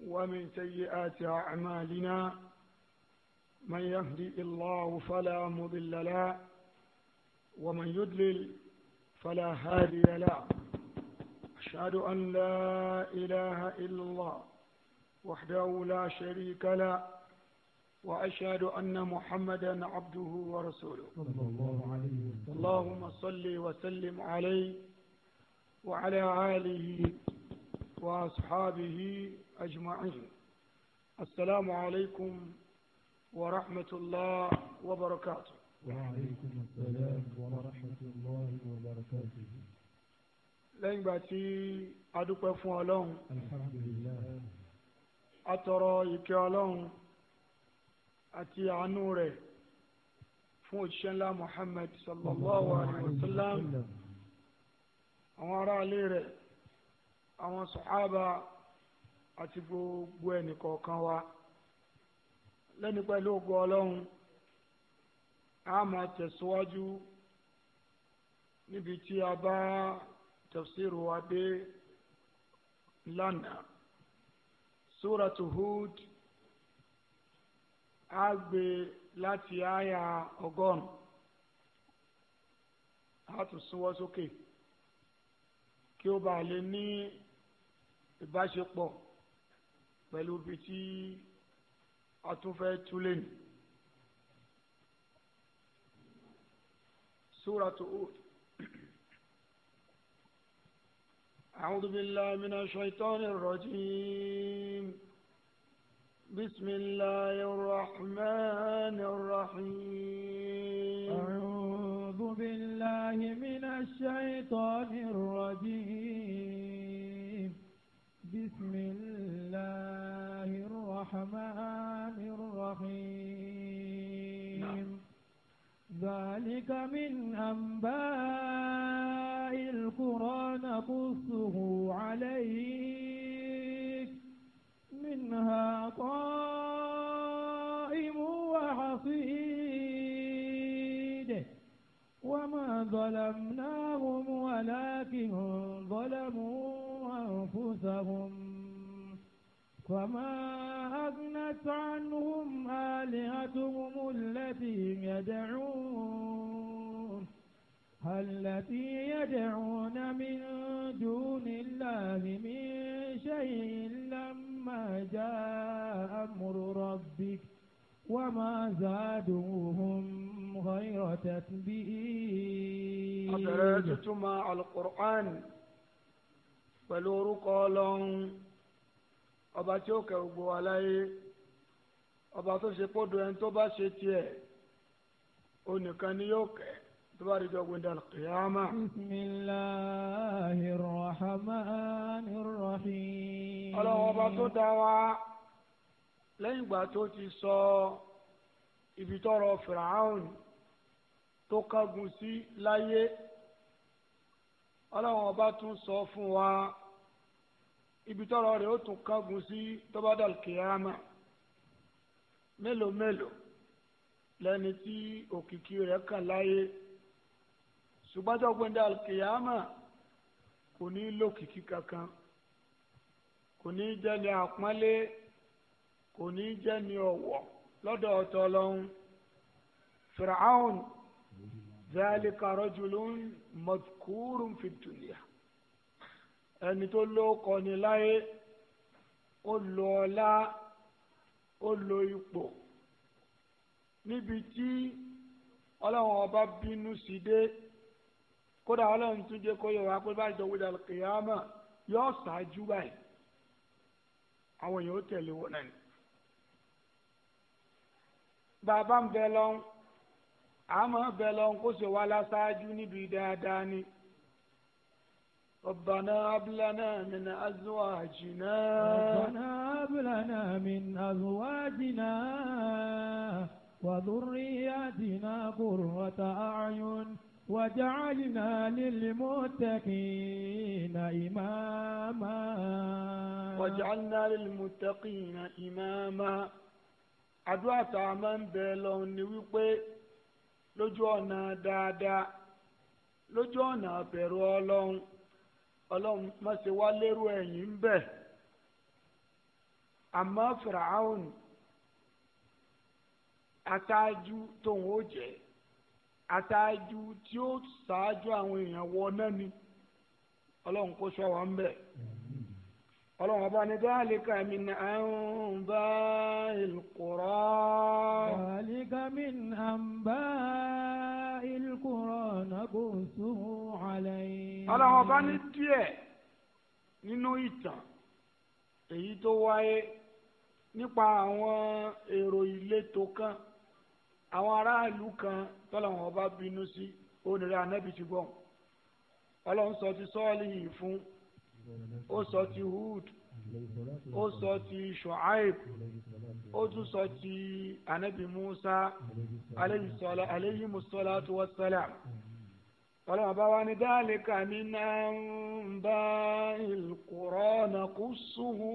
ومن سيئات أعمالنا من يهدي الله فلا مضل له ومن يدلل فلا هادي له أشهد أن لا إله إلا الله وحده لا شريك له وأشهد أن محمدا عبده ورسوله اللهم صل وسلم عليه وعلى آله وأصحابه أجمعين السلام عليكم ورحمة الله وبركاته وعليكم السلام ورحمة الله وبركاته lẹ́yìn ìgbà tí a dúpẹ́ fún ọlọ́run a tọrọ ìkẹ́ ọlọ́run àti àánú rẹ̀ fún òṣìṣẹ́ ńlá muhammed sallallahu alayhi wa sallam àwọn aráalé rẹ̀ àwọn sàhábà àti gbogbo ẹnì kọ̀ọ̀kan wa lẹ́ni pẹ̀lú ògo ọlọ́run a máa tẹ̀síwájú níbi tí a bá tafsiru wa dé lánàá suratu Hud a gbé láti àyà ọgọ́rùn-ún a tún súnwọ́ sókè kí ó bàa lè ní. ìbáṣepọ̀ pẹ̀lú ibi tí a tún fẹ́ túlẹ̀ ní. Suratu Hud. أعوذ بالله من الشيطان الرجيم بسم الله الرحمن الرحيم أعوذ بالله من الشيطان الرجيم بسم الله الرحمن الرحيم ذلك من أنباء القرى نقصه عليك منها قائم وحصيد وما ظلمناهم ولكن ظلموا أنفسهم فما أغنت عنهم آلهتهم التي يدعون التي يدعون من دون الله من شيء لما جاء أمر ربك وما زادوهم غير تتبئين أدرجتما على القرآن pẹ̀lú orúkọ ọlọ́run ọba tí ó kẹ gbogbo wa láyé ọba tó ṣe kódo ẹni tó bá ṣe tiẹ̀ onìkan ni yóò kẹ́ tó bá rí jọgbìn dàlù kìyàmà. bismillahir rahmanir rahim. ọlọ́run ọba tó dá wa lẹ́yìn ìgbà tó ti sọ ibi tọrọ fìràhàn tó kágun sí láyé ọlọ́run ọba tún sọ fún wa ibi tọrọ rẹ ó tún kángun sí tọ́bádàl kìámà mélòó mélòó lẹni tí òkìkí rẹ kàn láyé ṣùgbọ́n tó gbẹ̀ndàl kìámà kò ní lókìkí kankan kò ní jẹ́ni àpọ́nlé kò ní jẹ́ni ọ̀wọ̀ lọ́dọ̀ ọ̀tọ̀ lọ́hún fìràhùn zálika rajulun madhkurun fi ẹni tó lóko ni láyé ó lo ọlá ó lo ipò níbi tí ọlọ́run ọba bínú sí dé kódà ọlọ́run tún jẹ́ kó yẹ wá pé báyìí dọ̀wọ́ ìdàlù kìyàmà yóò ṣáájú báyìí àwọn èèyàn ó tẹ̀lé wọn náà ni. bàbá ń bẹ lọ́n àmọ́ bẹ lọ́n kó ṣe wá láṣáájú níbi dáadáa ni. Ba, bam, belong, ربنا هب لنا من أزواجنا ربنا هب لنا من أزواجنا وذرياتنا قرة أعين وجعلنا للمتقين إماما وجعلنا للمتقين إماما àdúrà tá بلون máa ń دادا، lọ́hùn برولون. ọlọ́run má ṣe wá lérò ẹ̀yìn ń bẹ̀ àmọ́ fìràhàn atájú tóun ó jẹ́ atájú tí ó ṣáájú àwọn èèyàn wọ náà ni ọlọ́run kó sọ wọn bẹ̀ ọlọ́run ọba ní dáàlíkà mi ní àǹbá mi ní القرآن نقصه عليه ọlọ́run ọba ní díẹ̀ nínú ìtàn èyí tó wáyé nípa àwọn èrò ìletò kan àwọn aráàlú kan tọ́lọ́run ọba bínú sí onírẹ́ anábì ti gbọ́n ọlọ́run sọ ti sọ́ọ̀lì yìí fún ó sọ ti Hud ó sọ ti Shu'aib ó tún sọ ti anabi Musa aleyhi musalatu wa salam ọlọ́run bá wá ní dhalika min anba'il qura naqussuhu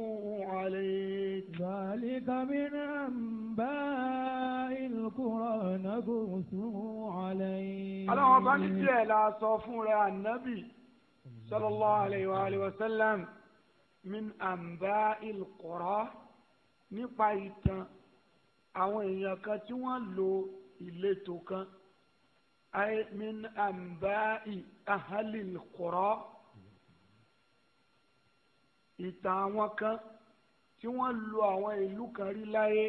alayk. dhalika min anba'il qura naqussuhu alayk. ọlọ́run bá ní díẹ̀ la sọ fún rẹ̀ ànábì sallallahu alayhi wa sallam min àǹbá ìlkọ̀rọ̀ nípa ìtàn àwọn èèyàn kan tí wọ́n lo ìletò kan ayé min àǹbá ìhàlìlkọ̀rọ̀ ìtàn àwọn kan tí wọ́n lo àwọn ìlú kan rí láyé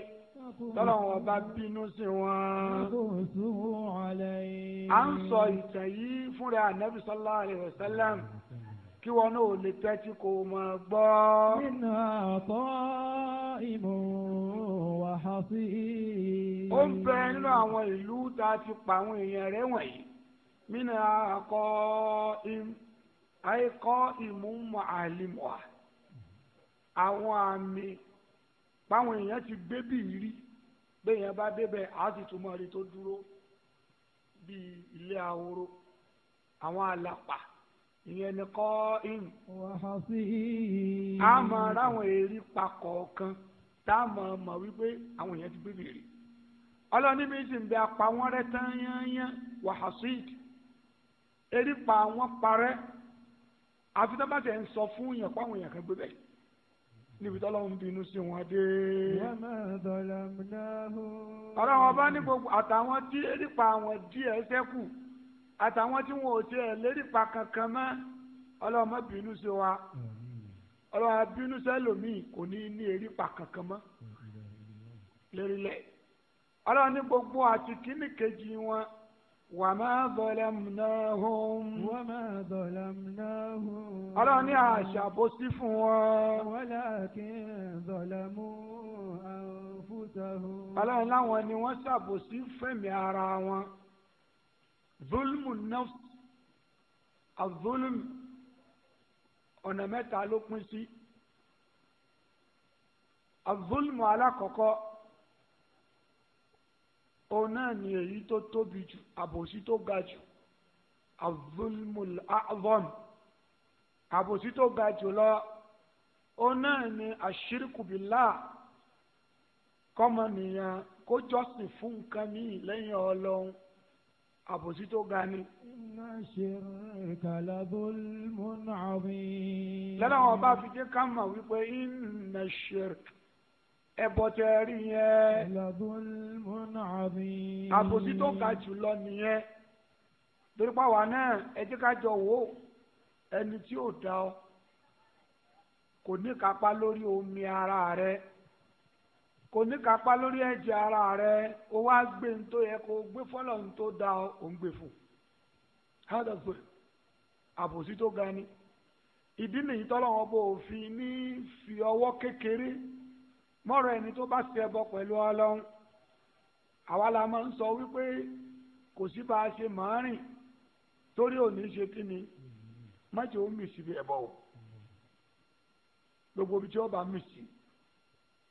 tọ́lọ́wọ́n bá bínú sí wọn. à ń sọ ìtàn yìí fúnra anabi sallallahu alayhi wa sallam kí wọn náà ò lè tẹ́tí kò mọ̀ gbọ́. nínú àtọ́ ìmọ̀ wàhálà sí i. ó ń bẹ nínú àwọn ìlú tá a ti pa àwọn èèyàn rẹ̀ wọ̀nyí nínú àkọ àìkọ́ ìmúmọ̀ àlìmọ̀à àwọn àmì báwọn èèyàn ti gbé bí rí béèyàn bá débẹ̀ á sì tó dúró bíi ilé ahoro àwọn àlàpà ìyẹn ni kọ́ im. a máa ráwọn èrí pa kọ̀ọ̀kan tá a máa mọ̀ wípé àwọn èèyàn ti gbé bèrè. ọlọ́ni mi sì ń bẹ apá wọn rẹ tán yányán wàhásíìd èrí pa wọn parẹ́ àfi tó bá tẹ̀ ń sọ fún yàn páwọn èèyàn kan gbé bẹ̀ níbi tó lọ́wọ́ ń bínú sí wọn dé. ọ̀rọ̀ wọn bá ní gbogbo àtàwọn tí èrí pa wọn díẹ̀ sẹ́kù àtàwọn tí wọn ò tiẹ̀ lérípa kankan mọ́ ọlọ́mọ bínú sí wa ọlọ́mọ bínú sẹ́lòmíì kò ní ní erípa kankan mọ́ lérílẹ̀ ọlọ́run ní gbogbo àti kíní kejì wọn. وما ظلمناهم وما ظلمناهم ọlọ́run ní àṣàbòsí fún wọn. ولكن ظلموا أنفسهم. ọlọ́run láwọn ni wọ́n ṣàbòsí fẹ̀mí ara wọn zulmu nafs azulm ọ̀nà mẹ́ta ló pín sí azulmu alákọ̀ọ́kọ́ òun náà ni èyí tó tóbi jù àbòsí tó ga jù azulmu azọ́m àbòsí tó ga jù lọ òun náà ni àṣírìkùbìlà kọ́mọnìyàn kó jọ́sìn fún nǹkan àbòsí tó ga ni. iná ṣe kàlábólmọ́nà àwìn. lọ́nà wọn bá fi dé ká mọ̀ wípé iná ṣe ẹbọ tẹ rí yẹn. kàlábólmọ́nà àwìn. àbòsí ga jù nìyẹn. torí pàwọ́ náà ẹ jẹ́ ká jọ wò ẹni tí ò dá ọ kò ní kápá lórí omi ara rẹ kò ní kápá lórí ẹ̀jẹ̀ ara rẹ̀ o wá gbé ń tó yẹ kó o gbé fọ́lọ̀ ń tó da ò ń gbé fún hádà gbé àbòsí tó ga ni ìdí nìyí tọ́lọ́wọ́n bò fi ní fi ọwọ́ kékeré mọ́rọ̀ ẹni tó bá ṣe ẹbọ pẹ̀lú ọlọ́run àwa la máa ń sọ wípé kò sí bá a ṣe máa rìn torí ò ní ṣe kí ni má jẹ́ ó mì síbi ẹbọ o gbogbo ibi tí ó bá mì sí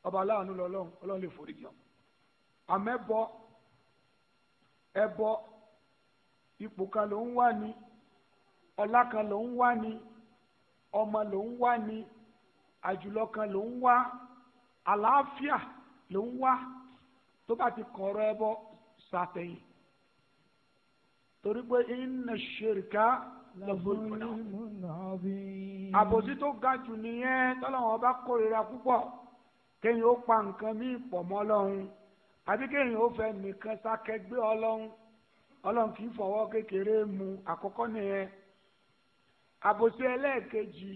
ọba aláàánú lọ́lọ́run ọlọ́run lè forí jọ àmẹ́bọ ẹbọ ipò kan ló ń wá ní ọlá kan ló ń wá ní ọmọ ló ń wá ní àjùlọ kan ló ń wá àlàáfíà ló ń wá tó bá ti kọ̀ọ̀rọ̀ ẹbọ sàtẹ̀yìn torí pé iná ṣèrìkà lọ́gbọ̀n náà àbòsí tó ga jù nìyẹn tọ́lọ́wọ́n bá kórira púpọ̀. kéèyàn ó pa nǹkan míì pọ̀ mọ́ ọlọ́run àbí kéèyàn ó fẹ́ nìkan sákẹ́gbẹ́ ọlọ́run ọlọ́run kì í fọwọ́ kékeré mu àkọ́kọ́ nìyẹn àbòsí ẹlẹ́ẹ̀kejì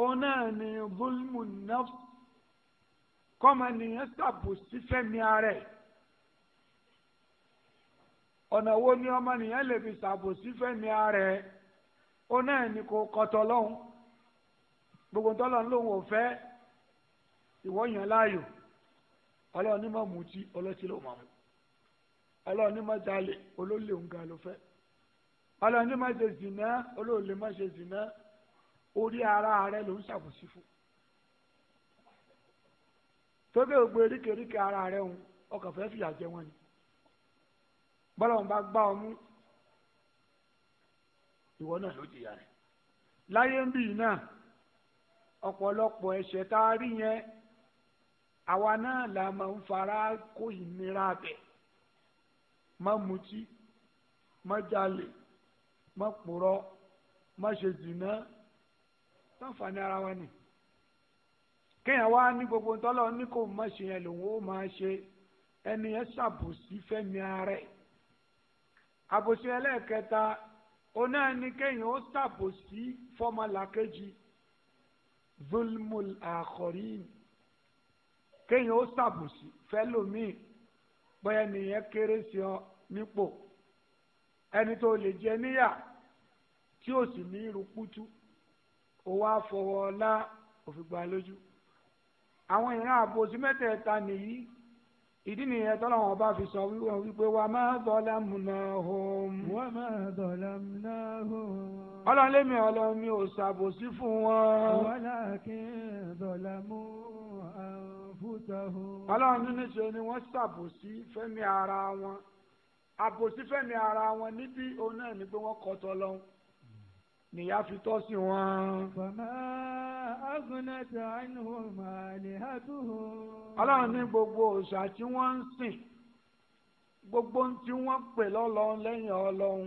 òun náà ni bulmu naf kọ́mọ nìyẹn ṣàbòsí fẹ́mi ara ọ̀nà ni ọmọ nìyẹn lè fi ṣàbòsí fẹ́mi ara ni kò gbogbo lòun ìwọ yàn láàyò ọlọ́run ní má mutí ọlọ́tí ló má mu ọlọ́run ní má jalè olólè òǹkà ló fẹ́ ọlọ́run ní má ṣe zìnà olóòlè má ṣe zìnà orí ara rẹ ló ń ṣàbòsí fún tókè gbogbo eríkèéríkèé ara rẹ ń ọkàn fẹ́ fìyà jẹ wọn ni bọ́lá bá gbá ọ mú ìwọ náà ló jìyà rẹ láyé ń bì náà ọ̀pọ̀lọpọ̀ ẹ̀ṣẹ̀ tá a rí yẹn àwa náà la máa ń fara kó ìnira bẹ̀ má mutí má jalè má purọ́ má ṣe dìná láǹfààní ara wa ni kéèyàn wá ní gbogbo ntọ́lọ́ ní kò má ṣe yẹn lòun ó máa ṣe ẹni yẹn ṣàbòsí fẹ́mi ara àbòsí ẹlẹ́ẹ̀kẹta oná ẹni kéèyàn ó ṣàbòsí fọ́mọlàkejì zulmul akhorin kéèyàn ó ṣàbòsí fẹ́lòmíì bóyá nìyẹn kéré sí ọ nípò ẹni tó lè jẹ níyà tí ó sì ní rukutu ó wá fọwọ́ ọlá òfin gba lójú àwọn ìran àbòsí mẹ́tẹ̀ẹ̀ta nìyí ìdí nìyẹn tọ́lọ́wọ́n bá fi sọ wíwọ́n wípé wà má zalamnahum. wà má zalamnahum. ọlọ́run lémi ọlọ́run mi ò ṣàbòsí fún wọn. walakin zalamu. أنفسهم ọlọ́run níṣe ni wọ́n ṣàbòsí fẹ́mi ara wọn àbòsí fẹ́mi ara wọn níbi òun náà ni pé wọ́n kọ́tọ́ lọ́hùn nìyá fi tọ́ sí wọn. Fama agunata anhum alihatuhum. Ọlọ́run ní gbogbo òòṣà tí wọ́n ń sìn gbogbo tí wọ́n pè lọ́lọ́run lẹ́yìn ọlọ́run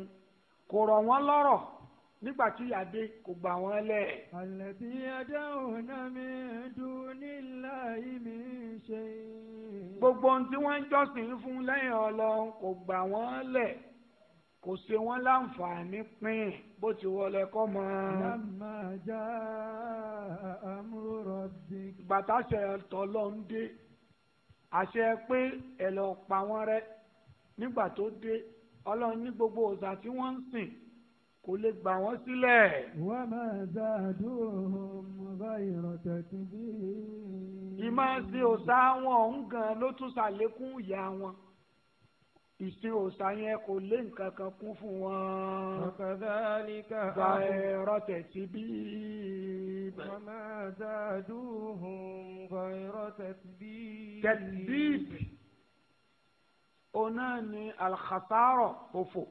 kò rọ̀ wọ́n lọ́rọ̀ nígbà tí ìyáde kò gbà wọ́n lẹ̀. àlẹ́bí adáhùn náà mi dùn nílá ìmí ṣe. gbogbo ohun tí wọ́n ń jọ́sìn fún lẹ́yìn ọlọ́run kò gbà wọ́n lẹ̀ kò ṣe wọ́n láǹfààní pín bó ti wọlé kọ́ mọ́. lámà já àmúrò rọ̀bì. bàtà ṣe tọ́lọ́ dé àṣẹ pé ẹ lọ pa wọ́n rẹ́ nígbà tó dé ọlọ́run ní gbogbo òòṣà tí wọ́n ń sìn kò lè gbà wọ́n sílẹ̀. wọ́n máa dá àdúrà ọba ìrọ̀tẹ̀ tí bí. ìmọ̀-ẹ̀sìn òòṣà wọn ọ̀hún gan-an ló tún ṣàlékún ìyà wọn. ìsìn òòṣà yẹn kò lé nǹkan kan kún fún wọn. ọ̀kadàlíkà ọba ìrọ̀tẹ̀ tí bí. wọ́n máa dá àdúrà ọba ìrọ̀tẹ̀ tí bí. tẹ̀síìbì. òun náà ni alkhasaro òfò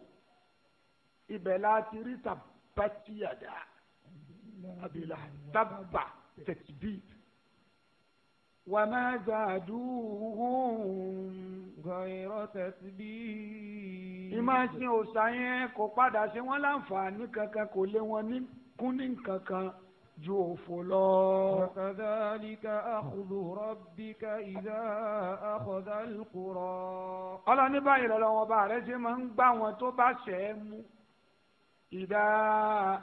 ibẹ̀ láti rí tabatiyada abila tabba tẹ̀tìbí wa ma zaduhum ghayra tẹ̀tìbí. ìmáṣin òòṣà yẹn kò padà ṣe wọ́n láǹfààní kankan kò lé wọn ní kún ní kankan ju òfò lọ. Kàdáníkà àkùdù rọ́bíkà ìdá àkọ́dá lùkùrọ̀. báyìí lọ́lọ́wọ́ bá rẹ̀ ṣe máa ń gbá wọn tó bá ṣẹ́ mú. إذا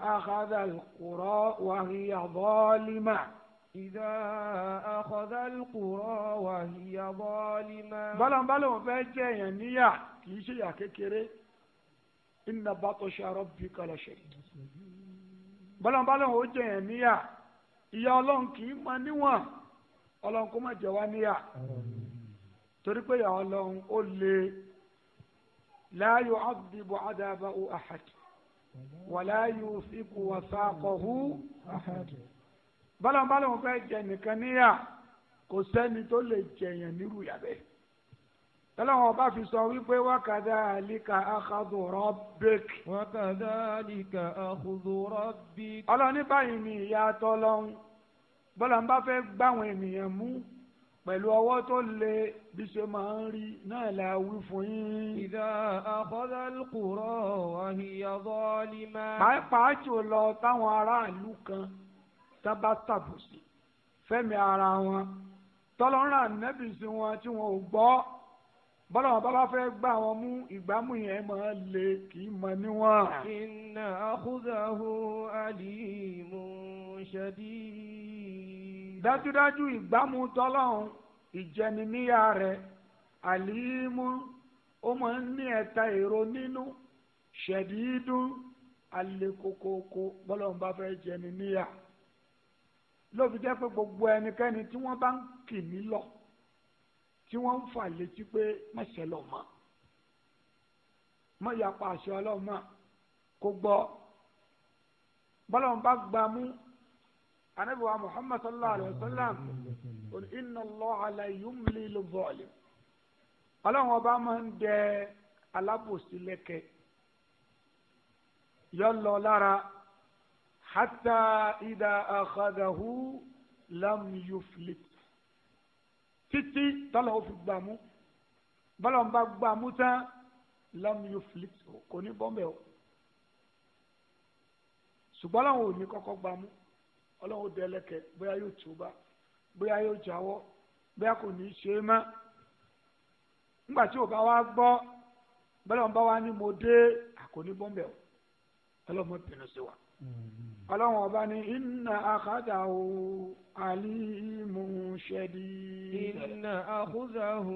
أخذ القرى وهي ظالمة إذا أخذ القرى وهي ظالمة بلان بلان فاجة ينيا كيشي يا كيكيري إن بطش ربك لشيء بلان بلان وجه ينيا ìyá ọlọ́run kì í mọ níwọ̀n ọlọ́run kó má jẹ wá níyà torí pé ìyá ọlọ́run ó le la wàlá yusiku wasaqahu bọ́lọ̀bọ́lọ̀ wọn fẹ́ jẹ nìkan níyà kò sẹ́ni tó lè jẹyàn nírú yàbẹ́ tọ́lọ́wọ́n bá fi sọ wípé wákàtá àlíkà àkàdù rọ́bík. wákàtá àlíkà àkàdù rọ́bík. ọlọ́ni báyìí ni ìyá tọ́lọ́hún bọ́lọ̀n bá fẹ́ gbáwọn ènìyàn mú pẹ̀lú ọwọ́ tó le bí ṣe máa ń rí náà la wí fún yín. ìdá àkọ́dá kùrọ̀ àhìyàbọ̀ lima. pàápàá jùlọ táwọn aráàlú kan tá bá tàbùsì fẹ́mi ara wọn tọ́lọ́run ànẹ́bì sí wọn tí wọn ò gbọ́ bọ́lá wọn bábá fẹ́ gbà wọn mú ìgbámú yẹn máa le kì í mọ níwọ̀n. inna akhdahu alimun shadid dájúdájú ìgbámu tọ́lọ́hún ìjẹniníyà rẹ̀ àlímú ó máa ń ní ẹ̀ta èrò nínú ṣẹ̀dídún alekokoko bọ́lọ́hún bá fẹ́ jẹniníyà lóbi jẹ́ pé gbogbo ẹnikẹ́ni tí wọ́n bá ń kì mí lọ tí wọ́n ń fà létí pé mọ̀ṣẹ́ lọ mọ́ mọ́ ìyapa àṣẹ ọlọ́mọ kò gbọ́ bọ́lọ́hún bá gbámú anabiwa muhammad sallallahu alayhi wa sallam inna allaha la yumli lidh-dhalim ọlọ́run ọba máa ń dẹ alábòsí lẹ́kẹ̀ yọ lọ lára hatta idha akhadahu lam yuflit títí tọ́lọ̀ ó fi gbà mú bọ́lọ̀ ń bá gbà lam yuflit kò ní bọ́m̀bẹ̀ o ṣùgbọ́n làwọn ò ní kọ́kọ́ ọlọ́run dẹ́lẹ́kẹ̀ bóyá yóò túbà bóyá yóò jáwọ́ bóyá kò ní í ṣe é mọ́ nígbà tí ò bá wá gbọ́ bọ́lá ń bá wá ní mo dé àkóní bọ́m̀bẹ̀ o ọlọ́run bínú sí wa mm-hmm. ọlọ́run ọba ní inna akhadahu alimun shadid. inna akhadahu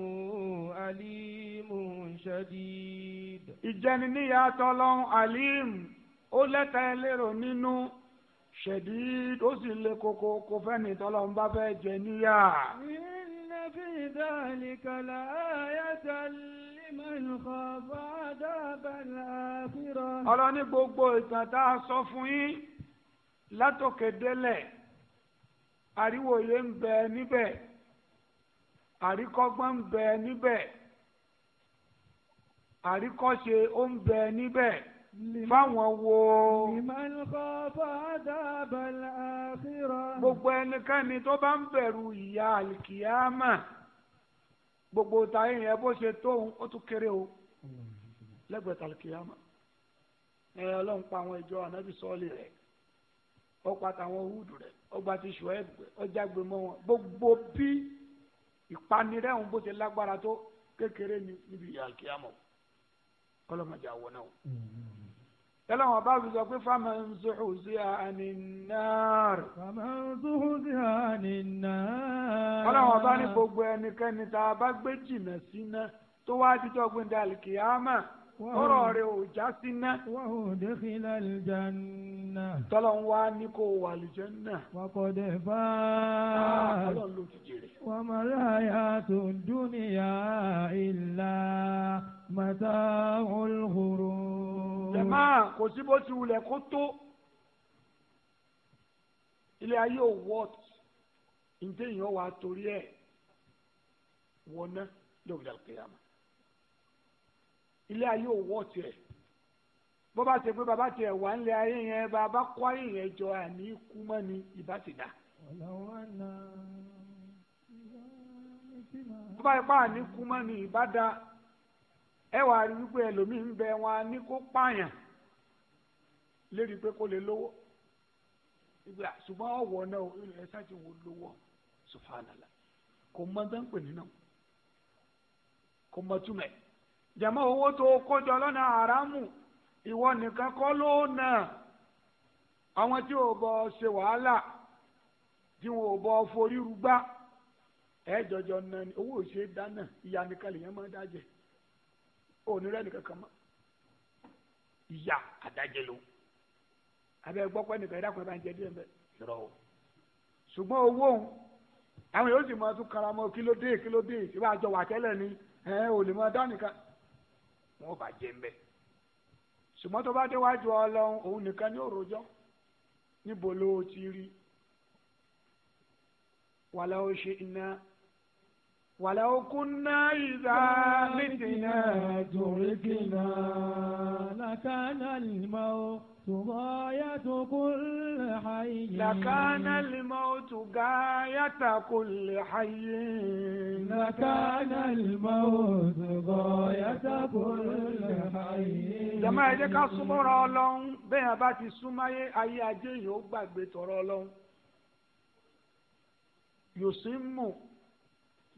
alimun shadid. ìjẹniníyàtọ̀ ọlọ́run alim ó lẹ́tà ẹlẹ́rọ nínú ṣèdí ó sì le koko kò fẹ́ni tọ́lọ́ ń bá fẹ́ jẹ níyà. inna fi dhalika la ayatan liman khafa adhabal akhirah. ọlọ́ni gbogbo ìtàn tá a sọ fún yín látòkè délẹ̀ àríwòye ń bẹ níbẹ̀ àríkọ́gbọ́n ń bẹ níbẹ̀ àríkọ́ṣe ó ń bẹ níbẹ̀ fáwọn wo. liman khafa adabal akhirah. gbogbo ẹnikẹ́ni tó bá ń bẹ̀rù ìyà àlìkìyàmà gbogbo tàyè yẹn bó ṣe tóun ó tún kéré o lẹ́gbẹ̀ẹ́ tàlìkìyàmà ẹ ọlọ́run pa àwọn ìjọ ànábì sọ́ọ̀lì rẹ̀ ó pa tàwọn húdù rẹ̀ ó gba ti ṣùọ́ ẹ̀gbẹ́ ó jágbe mọ́ wọn gbogbo bí ìpanirẹ́hùn bó ṣe lágbára tó kékeré níbi ìyà àlìkìyàmà kọ́lọ́mọdé àwọn náà tẹ́lẹ̀wọ̀n bá fi sọ pé faman zuhziha anin nar. faman zuhziha anin nar. tẹ́lẹ̀wọ̀n bá ní gbogbo ẹnikẹ́ni tá a bá gbé jìnnà sí náà tó wá dídọ́gbìn dàlùkì ámà tọrọ rẹ ò já sí ná. wà ó dẹ́kìlá àlùjáná. tọ́lọ̀ ń wá ní kó wà àlùjáná. wà kò dé fà á. Ah, ọlọ́run ló ti jèrè. wà tó dúnìyà ìlà màtá olùkóró. jẹ̀má kò sí bó wulẹ̀ kó tó ilé ayé ò wọ́t ǹjẹ́ èèyàn wà á torí ẹ̀ wọ́n ná lóògbé àlùkìyàmá ilé ayé òwò tiẹ̀ bó bá ṣe pé bàbá tiẹ̀ wà nílé ayé yẹn bàbá kọ́ ayé yẹn jọ àní kú mọ́ ni ìbá ti dà. bó bá ipá àní kú mọ́ ni ìbá da ẹ wàá rí wípé ẹlòmíín ń bẹ wọn á ní kó pààyàn lérí pé kó lè lówó ṣùgbọ́n ọ̀wọ́ náà ẹ ṣáà ti wò lówó subhanallah kò mọ dánpẹ̀ nínú kò mọ túmẹ̀. jama owó tó kójọ lọ́nà àràmù ìwọ nìkan kọ́ ló nà àwọn tí ò bọ ṣe wàhálà tí wọn ò bọ forí rúgbá ẹ jọjọ nà ni owó ṣe dáná ìyá nìkan lèyàn máa dájẹ òní rẹ nìkan kan mọ ìyá àdájẹ ló abẹ gbọpọ nìkan ẹ dákun ẹ bá ń jẹ díẹ̀ mbẹ rọ o ṣùgbọ́n owó òun àwọn yóò sì máa tún karamọ kílódé kílódé ìṣèwádìí àjọwà tẹ́lẹ̀ ni ẹ ò lè máa dá nìkan wọn ò bá jẹ mbẹ ṣùgbọ́n tó bá déwájú ọlọ́run òun nìkan ní òròjọ́ níbo ló ti rí wàlẹ́ ó ṣe iná wàlẹ́ ó kúnná ìdá létí torí kìnnà látàlá ìmọ̀ ọ́. غاية كل حي لكان الموت غاية كل حي لكان الموت غاية كل حي jàmáà ẹ jẹ́ ká súnmọ́ra ọlọ́run bẹ́ẹ̀ bá ti súnmáyé ayé ajé yìí ó gbàgbé tọrọ ọlọ́run yòsímù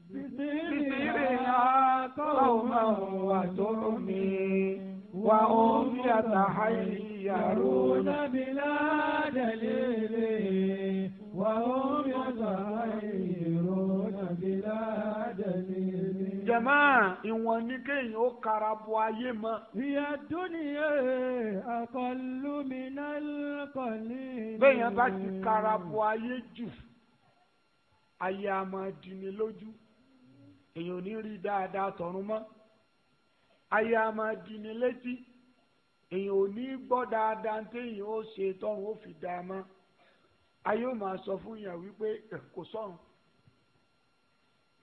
bìbìrì àkọ́wọ́ wà tó mi wà ó mi àtàhàyè. يرون بلا دليل وهم يظهرون بلا دليل جماعة ìwọ̀n ni kéèyàn ó kara bo ayé mọ́. ìyá dúnìyẹ àkọlùmínà kọ̀lì. béèyàn bá ti kara bo ayé jù ayé a máa dini lójú èèyàn ò ní rí dáadáa tọ̀run dini létí èyàn ò ní gbọ́ dáadáa téèyàn ó ṣe tọ́run ó fi dáa mọ́ ayé ó máa sọ fún yàn wípé kò sọ̀run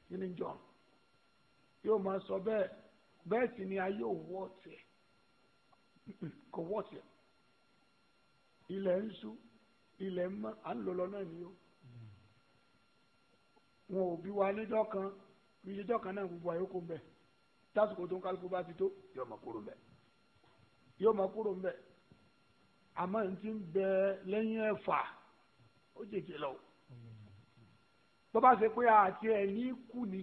nínú ìjọ yóò máa sọ bẹ́ẹ̀ bẹ́ẹ̀ sì ni ayé ò wọ́ tiẹ̀ kò wọ́ tiẹ̀ ilẹ̀ ń sú ilẹ̀ ń mọ́ à ń lò lọ ni ó wọn ò bí wa níjọ́ kan níjọ́ kan náà gbogbo àyókò ń bẹ̀ tásìkò tó ń kálukú bá ti tó yọ̀ọ́ mọ̀ kúrò bẹ́ẹ̀ yóò máa kúrò ń bẹ̀ àmọ́ ní ti ń bẹ lẹ́yìn ẹ̀fà ó jèjì lọ tó bá ṣe pé àti ẹ̀ ní kú ni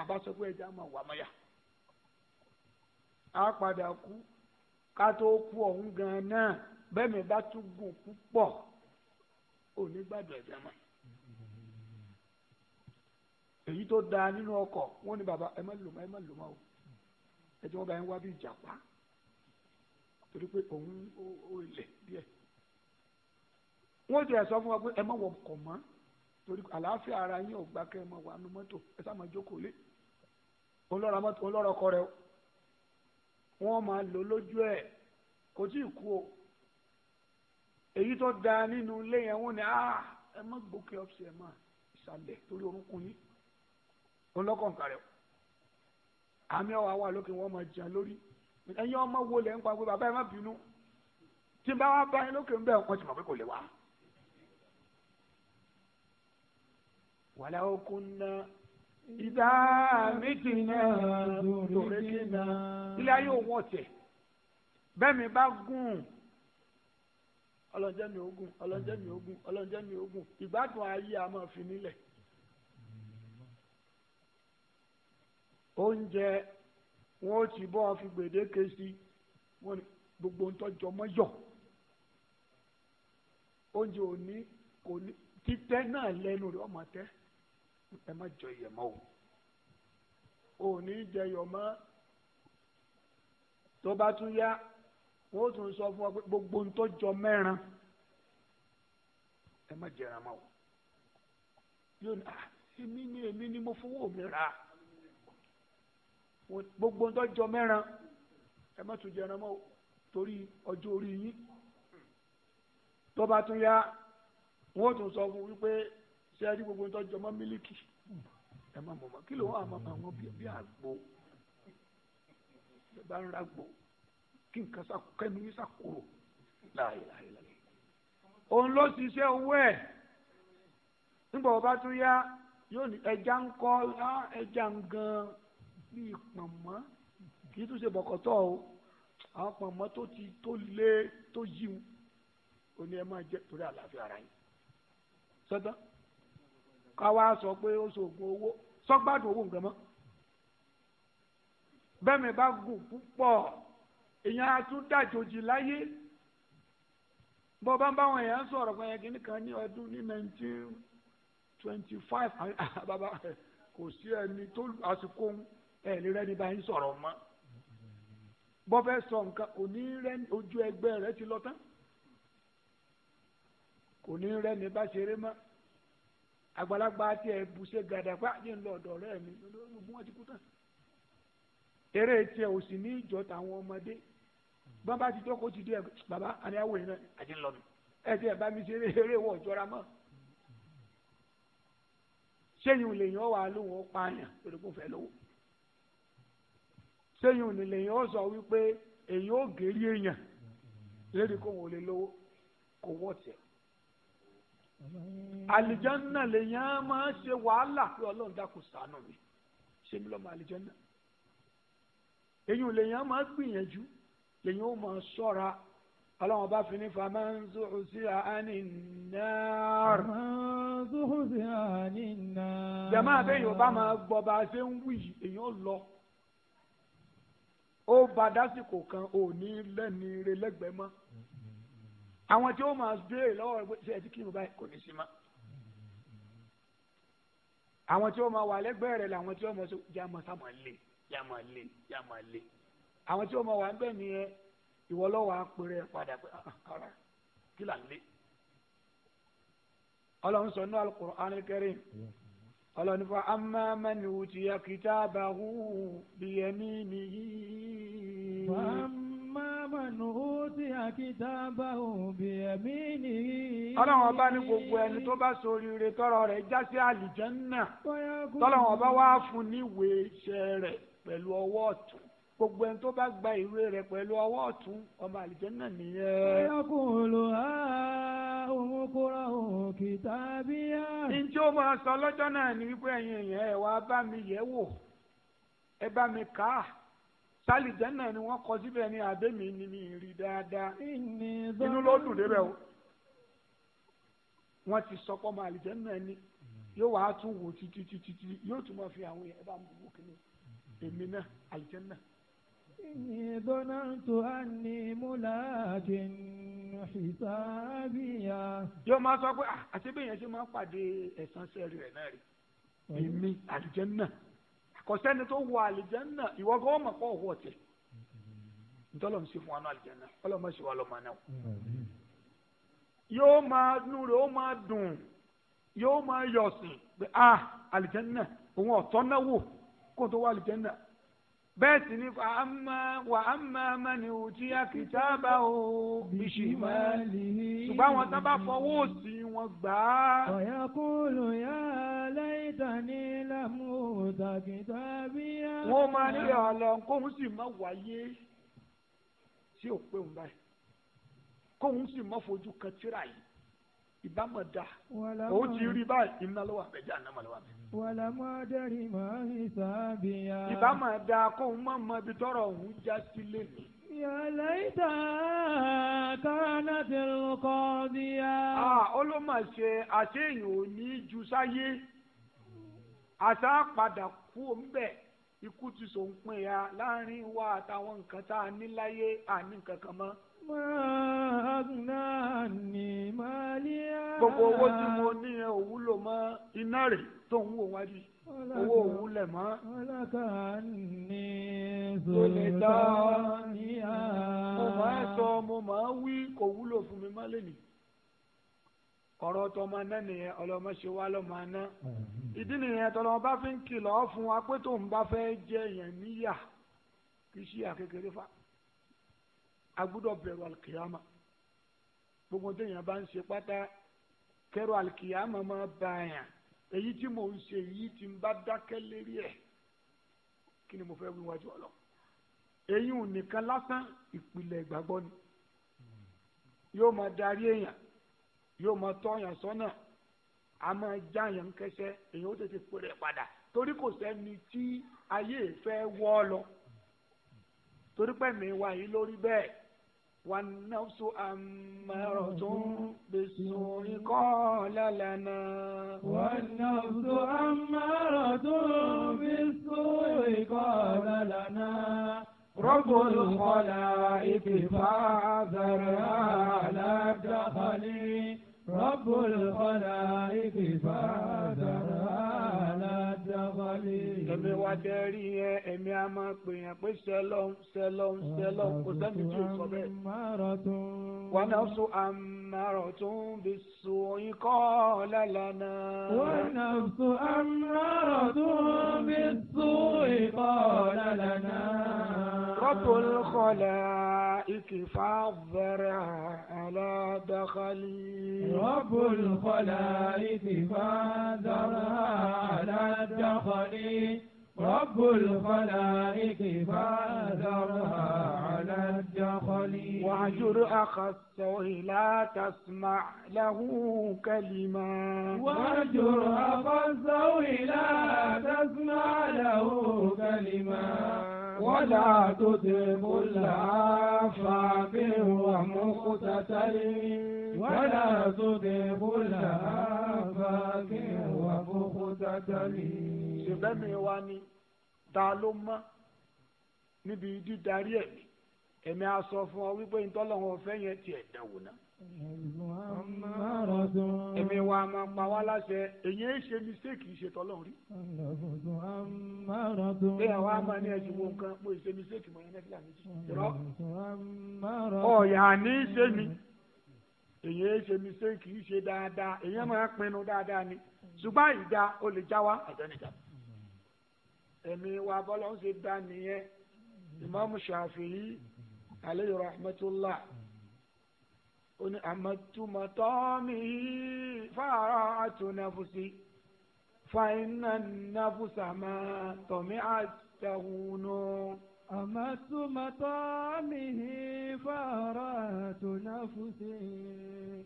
àbá sọ pé ẹja máa wà mọ́yà á padà kú ká tó kú ọ̀hún gan náà bẹ́ẹ̀ mi bá tún gùn púpọ̀ ò ní gbàdúrà ẹja mọ́ èyí tó dáa nínú ọkọ̀ wọ́n ní bàbá ẹ má lò mọ́ ẹ má lò mọ́ o ẹ jẹ́ bá yẹn wá bí ìjàpá torí pé òun ó ilẹ̀ díẹ̀ wọ́n ti rẹ̀ sọ fún wa pé ẹ má wọ ọkọ̀ mọ́ torí àlàáfíà ara yín ò gbà kẹ́ ẹ má wà nù mọ́tò ẹ sá máa jókòó lé olóra ọkọ rẹ wọ́n máa lò lójú ẹ̀ kò tí ì kú o èyí tó da nínú ilé yẹn wọ́n ní ah, ẹ má gbókè ọ́fíìsì ẹ̀ máa ìsàlẹ̀ torí orúnkún yín olókàǹkà rẹ àmì ọ̀wà wà lókè wọ́n máa jẹun lórí ẹ̀yin ọmọ wo lẹ ń pa pé bàbá ẹ má bínú tí bá wá bá lókè ń bẹ nǹkan tí mo pé kò lè wá. wàláwo kunna ìdá méjìlá lóríkìlá ilé ayé òun ọ̀tẹ̀ bẹ́ẹ̀ mi bá gùn ọlọ́njẹ́ mi ogun ọlọ́njẹ́ mi ogun ọlọ́njẹ́ mi ogun ìgbádùn ayé a máa fi nílẹ̀ oúnjẹ wọn ó ti bọ́ ọ fi gbèdéke sí wọn gbogbo ntọ́jọ́ mọ́ yọ oúnjẹ òní kò ní títẹ́ náà lẹ́nu rẹ̀ ọmọ tẹ́ ẹ má jọ ìyẹ̀mọ́ o òní jẹyọ̀ mọ́ tó bá tún yá wọn ó tún sọ fún ọ pé gbogbo ntọ́jọ́ mẹ́ran ẹ má jẹran mọ́ o yóò ní ah, ni èmi ni gbogbo tó jọ mẹ́ran ẹ má tún jẹran torí ọjọ́ orí yín tó bá tún yá wọn tún sọ fún wípé ṣé ẹ gbogbo tó jọ mọ́ mílíkì ẹ má mọ̀ mọ́ kí ló wà wọn bí àgbo ẹ bá ń ra gbò kí nǹkan kẹ́mi sàkóró láàyè láàyè láàyè òun ló owó nígbà bíi pọ̀nmọ́ kì í tún ṣe bọ̀kọ̀tọ̀ o àwọn pọ̀nmọ́ tó ti tó lé tó yíwu ó ní ẹ máa jẹ torí àlàáfíà ara yín sọ́tọ̀ ká wá sọ pé ó ṣoògùn owó sọ́gbádùn owó nǹkan mọ́ bẹ́ẹ̀ mi bá gùn púpọ̀ èèyàn á dàjòjì láyé bó bá ń bá àwọn èèyàn sọ̀rọ̀ pé ẹ̀yàn kìíní kan ní ọdún ní nineteen twenty five kò sí ẹni tó àsìkò ẹ lè rẹ́ni bá yín sọ̀rọ̀ mọ́ bọ́ fẹ́ sọ nǹkan kò ní rẹ́ni ojú ẹgbẹ́ rẹ ti lọ tán kò ní rẹ́ni bá ṣeré mọ́ àgbàlagbà tí ẹ bu ṣe gàdàgbà ní ńlọdọ̀ rẹ mi lórí wọn ti kú tán eré tiẹ̀ ò sì ní ìjọ tàwọn ọmọdé bàbá ti jókòó ti dé ẹ bàbá àní àwòrán náà àti ńlọ mi ẹ ti ẹ bá mi ṣeré eré wọ̀ jọra mọ́ sẹ́yìn lèyìn ọ̀ wà lóhùn ọ̀ pààyàn olùkọ́ fẹ́ lówó sẹ́yìn òní lèyìn ó sọ wípé èyí ó gèrí èèyàn lérí kó wọn ò lè lówó kò wọ́ tiẹ̀. àlìjánná lèyìn á máa ṣe wàhálà pé ọlọ́run dákun ṣàánú mi ṣé mi lọ́mọ àlìjánná. èyí ò lèyìn á máa gbìyànjú lèyìn ó máa ṣọ́ra ọlọ́run bá fi ní faman zuhziha anin nar. faman zuhziha anin nar. jàmáà bẹ́ẹ̀ yóò bá máa gbọ́ bá a ṣe ń wí èyí ó lọ. ó ba dásìkò kan ò ní lẹ́ni ire lẹ́gbẹ̀ẹ́ mọ́ àwọn tí ó máa béèrè lọ́wọ́ rẹ̀ ṣe báyìí kò ní sí àwọn tí ó máa wà lẹ́gbẹ̀ẹ́ rẹ̀ làwọn tí ó máa sọ máa lè máa lè máa lè wà ìwọ lọ́wọ́ apẹ̀rẹ̀ padà pé ah, ah, ara kí là ń ọlọ́ni fún amma man utiya kitabahu biyaminihi. wa amma man utiya kitabahu biyaminihi. ọlọ́run ọba ní gbogbo ẹni tó bá ṣoríire tọrọ rẹ̀ já sí àlìjánná tọ́lọ́run ọba wá fún níwèé iṣẹ́ rẹ̀ pẹ̀lú ọwọ́ ọ̀tún gbogbo ẹni tó bá gba ìwé rẹ̀ pẹ̀lú ọwọ́ ọ̀tún ọmọ àlìjẹ́nà nìyẹn. ayọkùnrin ha òun kóra òun kìtàbíyà. njẹ́ o máa sọ lọ́jọ́ náà ni wípé ẹ̀yin èèyàn ẹ̀ wá bá mi yẹ̀ wò ẹ bá mi kà á sálìjẹ́nà ni wọ́n kọ síbẹ̀ ní abẹ́mi ni mi rí dáadáa inú ló dùn débẹ̀ o wọ́n ti sọ pé ọmọ àlìjẹ́nà ni yóò wá tún wò títí títí yóò tún máa fi àwọn ẹ̀ bá mi wò kí إني ظننت أني ملاك حسابيا yóò máa sọ pé ah, àti bí èèyàn ṣe máa pàdé ẹ̀san sẹ́ẹ̀rì rẹ̀ náà rí èmi àlìjẹ́nà àkọsẹ́ni tó wọ àlìjẹ́nà ìwọ gan ọmọ kọ́ ọ̀wọ́ tẹ̀ ntọ́lọ̀ ń ṣe fún wa náà àlìjẹ́nà ọlọ́mọ ṣe wà lọ́mọ náà yóò máa nú rẹ̀ ó ah àlìjẹ́nà òun ọ̀tọ́ náà wò kó tó wà àlìjẹ́nà bẹ́ẹ̀ sì ni wà á máa má ni ò tí a kì í sábà ò bìṣì máa lè ní. ṣùgbọ́n àwọn sábà fọwọ́ òsì wọn gbà á. ọ̀yà kúlù yá aláìta ní lámú òtàkìtà bí a. wọ́n máa ní ọ̀lọ́ kóhun sì má wáyé sí òpin báyìí kóhun sì má fojú kan tíra yìí ìbámu da o ti rí báyìí iná ló wà bẹ jẹ àná ló wà bẹ. wàlá máa dẹ́rì máa ń sábìyà. ìbámu da kó o má mọ ibi tọrọ òun já sí lẹ́nu. yàrá ìta kánà ti lùkọ́ níyà. ó ló máa ṣe àṣeyàn òní ju sáyé àṣà padà kú ńbẹ ikú ti sòǹpin ya láàrin wa àtàwọn nǹkan tá a ní láyé àní nǹkan kan mọ́ gbogbo owó tí mo ní ẹ òwúlò mọ́ iná rẹ̀ tó ń wò wájú owó òun lẹ̀ mọ́. ọlọ́kà ní zòlítà mo máa sọ mo máa wí kò wúlò fún mi má lẹ́nu ọ̀rọ̀ tó máa ná nìyẹn ọlọ́mọ ṣe wá ló máa ná ìdí nìyẹn tó bá fi ń kìlọ̀ fún wa pé tó ń bá fẹ́ jẹ èèyàn níyà kì í ṣe àkékeré fa agbọ́dọ̀ bẹ̀rù alikiyama gbogbo téèyàn bá ń ṣe pátá kẹrù alikiyama máa bá yàn èyí tí mò ń ṣe èyí tí ń bá dákẹ́ lérí ẹ̀ kí ni mo fẹ́ wí wájú ọlọ èyí ò nìkan lásán ìpìlẹ̀ ìgbàgbọ́ ni yóò máa darí èèyàn yóò máa tọ́ èèyàn sọ́nà a máa já èèyàn kẹsẹ́ èèyàn ó tètè pèrè padà torí kò sẹ́ni tí ayé ìfẹ́ wọ́ lọ torí pẹ̀mí wa yìí lórí bẹ́ẹ̀ والنفس أمارة بالسوء قال لنا والنفس أمارة بالسوء قال لنا رب الخلائق فاعذر على الدخل رب الخلائق فاعذر Tọ́bí wá tẹ́ rí yẹn, èmi á máa pè yẹn pé sẹ́lọ̀m sẹ́lọ̀m sẹ́lọ̀m kò sẹ́mi tí ò sọ bẹ́ẹ̀. Wà náà sùn àmàrọ̀ tó ń bi sùn ikọ́ lálànà. Wà náà sùn àmàrọ̀ tó ń bi sùn ikọ́ lálànà. Rọ́pò ń kọlà ìkìfà bẹ̀rẹ̀ aládàkálì. Rọ́pò ń kọlà ìkìfà bẹ̀rẹ̀ aládàkálì. الخليل رب الخلائق فأثرها على الجخل واهجر أخا السوي لا تسمع له كلمة واهجر أخا السوي لا تسمع له كلمة ولا تدم العفا ومقتتل ولا تدم العفا ومقتتل ṣèbẹ́mi wa ni ta ló mọ́ níbi dídarí ẹ̀mí ẹ̀mí a sọ fún ọ wípé ntọ́lọ́wọ́ fẹ́ yẹn tiẹ̀ dẹ̀wò náà. ẹ̀mí wa máa pa wá láṣẹ èyí ń ṣe mistake rí kéèyàn wá máa ní ẹsùn wo nǹkan mo ìṣe mi séèkì mọ ẹnẹfì làmìtì rọ ọyà ní í ṣe mi èyí ẹ ṣe mi séèkì í ṣe dáadáa èyí máa pinnu dáadáa ni ṣùgbọ́n ìdá o lè já wa àjọyìnjà ẹ̀mí wa bọ́lá ń ṣe dá nìyẹn ìmáàmù Ṣàfi'í alayhi rahmatullah ó ní àmọ́túmọ̀tọ́ mi fáárà àtúnáfùsí. فإن النفس ما طمعت تهون أمس مطعمه فأرات نفسي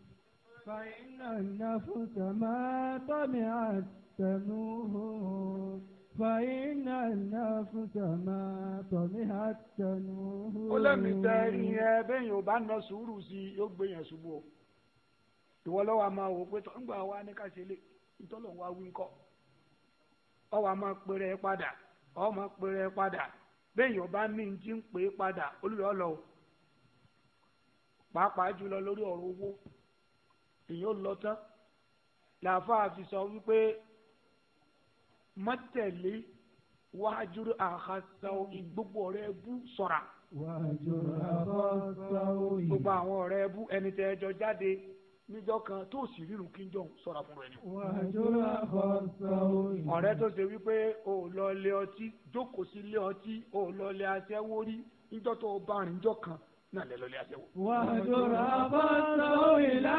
فإن النفس ما طمعت تنوه فإن النفس ما طمعت تنوه. ó lẹ́mìí tẹ ìyẹn bẹ́yìn ò bá ná sùúrù sí i yóò gbé yẹn ṣubú o ìwọ lọ́wọ́ a máa wò pé tó ń gbà wá ní ká ṣe lé ìtọ́lọ̀ wá kọ́ ọwọ́ a máa pèrè ẹ padà ọ máa pèrè ẹ padà béèyàn bá ní ní ti ń pè é padà olùyọ lọ o pàápàá jùlọ lórí ọ̀rọ̀ owó èèyàn lọ tán làáfàá fi sọ wípé mọ́tẹ̀lé wájúrú àkàtàwọ̀ ìgbógbó ọ̀rẹ́ bú sọ̀ra. wájúrú àwọn ọ̀rẹ́ bú ẹni tẹ́ ẹjọ́ jáde níjọ́ kan tó sì rírun kí n jọ sọ̀rọ̀ fún rẹ ni. ọ̀rẹ́ tó ṣe wípé o lọ lé ọtí jókòó sí lé ọtí o lọ lé aṣẹ́wó rí níjọ́ tó o bá rìn níjọ́ kan náà lẹ lọlé aṣẹ́wó. wàdúrà bọ́sọ̀ ìlà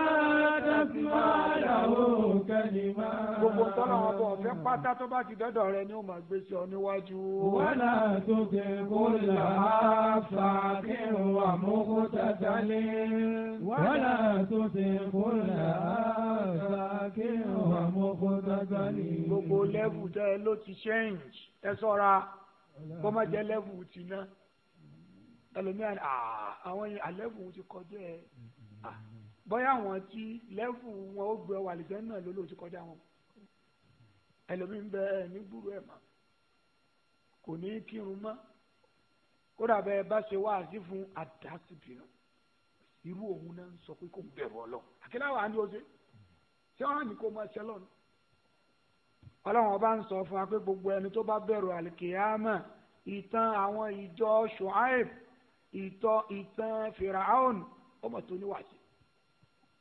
dàgbà yàwó kẹ́lìmá. gbogbo tọ́lá wọn bọ̀ fẹ́ pátá tó bá ti dọ́dọ̀ rẹ ni ó máa gbé sí ọ níwájú. wọ́lá tó ké kó là á fà kí n wà mọ́kó tata lé. wọ́lá tó ké kó là á fà kí n wà mọ́kó tata lé. gbogbo lẹ́bù tẹ́ ló ti ṣẹ́yìn ẹ sọ́ra kó lẹ́bù tì náà ẹlòmíà ni ah, àwọn yẹn àlẹ́fù ti kọjá ẹ mm-hmm. ah, bóyá àwọn tí lẹ́fù wọn ó gbé wà lìjẹ́ náà lóló ti kọjá wọn ẹlòmíì ń bẹ ẹ ní gbúrú ẹ mọ́ kò ní kírun mọ́ kódà bẹ́ẹ̀ bá ṣe wá sí fún àdásìbìnú irú òun náà ń sọ pé kò ń bẹ̀rù ọlọ́run àkíláwà á ní oṣù ṣé wọn ní kó máa ṣe lọ́nu ọlọ́run ọba ń sọ fún wa pé gbogbo ẹni tó bá bẹ̀rù àlìkèyàmà ìtàn àwọn ìjọ ṣùáìbù ìtọ́ ìtàn fìràhàn ó mọ̀ tó níwàásí.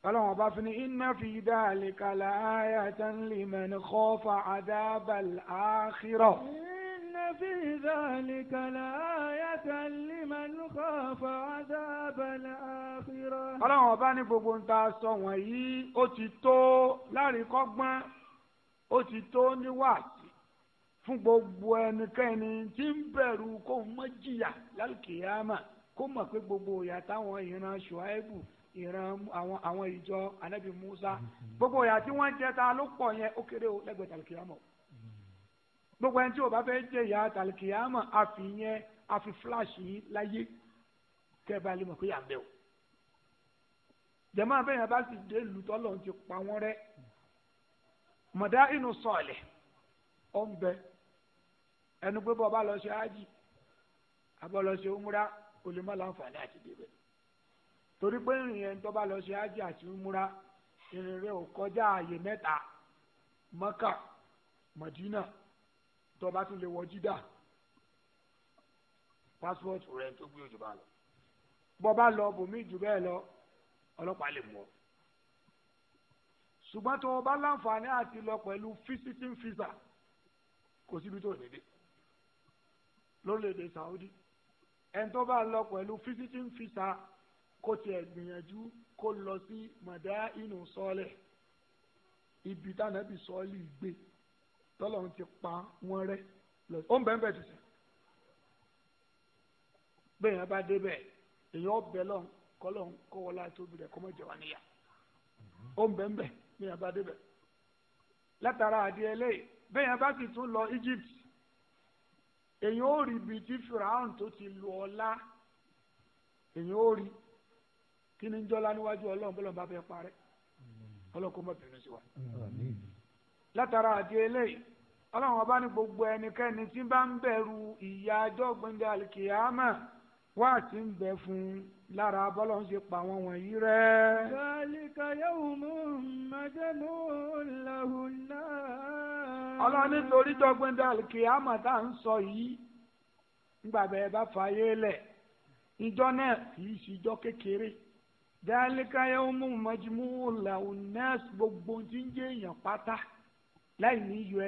ọlọ́run ọba fún ni iná fi dá àlèkà láàyè tán lè mẹ́ni kọ́fà àdábàl àkírọ̀. iná fi dá àlèkà láàyè tán lè mẹ́ni kọ́fà àdábàl àkírọ̀. ọlọ́run ọba ní gbogbo ń sọ wọ̀nyí ó ti tó láríkọ́gbọ́n ó ti tó níwàásí fún gbogbo ẹnikẹ́ni tí ń bẹ̀rù kó má jìyà lálùkìyàmà kó mọ̀ pé gbogbo ìyà táwọn ìran ṣùáìbù ìran àwọn àwọn ìjọ anábì musa gbogbo ìyà tí wọ́n jẹ ta ló pọ̀ yẹn ó kéré o lẹ́gbẹ̀ẹ́ tàlùkìyàmọ̀ gbogbo ẹni tí o bá fẹ́ jẹ ìyà tàlùkìyàmọ̀ àfi yẹn àfi fúláṣì láyé kẹ́ ẹ bá lè mọ̀ pé yà ń bẹ̀ o jẹ̀mọ́ abẹ́yẹn bá sì dé lùtọ́ lọ́n ti pa wọ́n rẹ́ mọ̀dá inú sọ̀lẹ̀ ọ̀ ń bẹ ẹnu pé bọ́ ọ bá lọ ṣe ájì àbọ̀ lọ ṣe umra o lè má láǹfààní àti débẹ̀ torí pé ìrìn yẹn tó bá lọ ṣe ájì àti múra ìrìn rẹ̀ ò kọjá ààyè mẹ́ta mọ́kà mọ̀dínà tó bá tún lè wọ jídà pásítọ̀tù rẹ̀ tó gbé òjò bá lọ bọ́ bá lọ bòmí jù bẹ́ẹ̀ lọ ọlọ́pàá lè mú ọ ṣùgbọ́n tó o bá láǹfààní àti lọ pẹ̀lú visiting visa kò síbi tó o lè lórílẹ̀‐èdè Saudi ẹni tó bá lọ pẹ̀lú visiting visa kó tiẹ̀ gbìyànjú kó lọ sí madainu sọ́ọ̀lẹ̀ ibi tánàbì sọ́ọ̀lì gbé tọ́lọ́run ti pa wọ́n rẹ́ lọ sí. ó ń bẹ́ẹ̀ bẹ́ẹ̀ ti sè bẹ́ẹ̀ yẹn bá débẹ̀ èèyàn bẹ̀ lọ́n kọ́lọ́n kọ́wọ́lá tóbi rẹ̀ kọ́mọ jẹ̀wá níyà ó ń bẹ́ẹ̀ bẹ́ẹ̀ yẹn bá débẹ̀ látara àdìẹ lẹ́yìn bẹ́ẹ̀ yẹn bá sì tún lọ Egypt èyàn ó rí ibi tí firaun tó ti lu ọlá èyàn ó rí kí ni jọlá níwájú ọlọ́run bọ́lọ́run bá fẹ́ parẹ́ ọlọ́run kó má bẹ̀rẹ̀ sí wa. látara àti eléyìí ọlọ́run ọba ní gbogbo ẹnikẹ́ni tí bá ń bẹ̀rù ìyà ọjọ́ gbẹ̀ndẹ̀ àlìkìyàmà wá sí ń bẹ fún un. lára bọ́lọ́hún ṣe pa àwọn wọ̀nyí rẹ. zalika yawmun nítorí dọ́gbìn dàlùkì àmọ̀ tá à ń sọ yìí nígbà bẹ́ẹ̀ bá fààyè lẹ̀ ìjọ náà kì í kékeré. zalika yawmun gbogbo ti ń jẹ́ èèyàn pátá láì ní yọ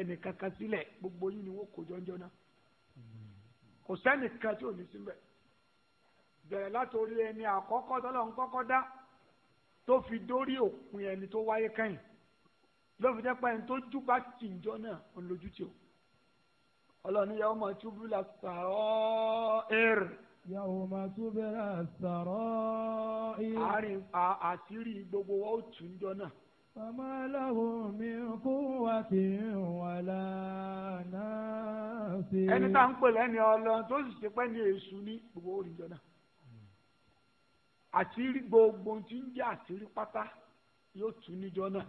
gbogbo yìí ni wọ́n kó jọjọ bẹ̀rẹ̀ látòrí ẹni àkọ́kọ́ tọ́lọ́run kọ́kọ́ dá tó fi dórí òpin ẹni tó wáyé kẹ́yìn ló fi jẹ́ pé ẹni tó jú bá tì ń jọ náà ń lójú tì ó ọlọ́ni yàwó máa tún bí lásàrọ́ èrè. yàwó máa tún bí lásàrọ́ èrè. àárín àṣírí gbogbo wa ó tún jọ náà. Fama lahu min quwwatin wala nasir. Ẹni tá à ń pè lẹ́ni ọlọ́run tó sì ṣe pẹ́ ní èṣù ní gbogbo òrìjọ náà àṣírí gbogbo tí ń jẹ́ àṣírí pátá yóò tú níjọ́ náà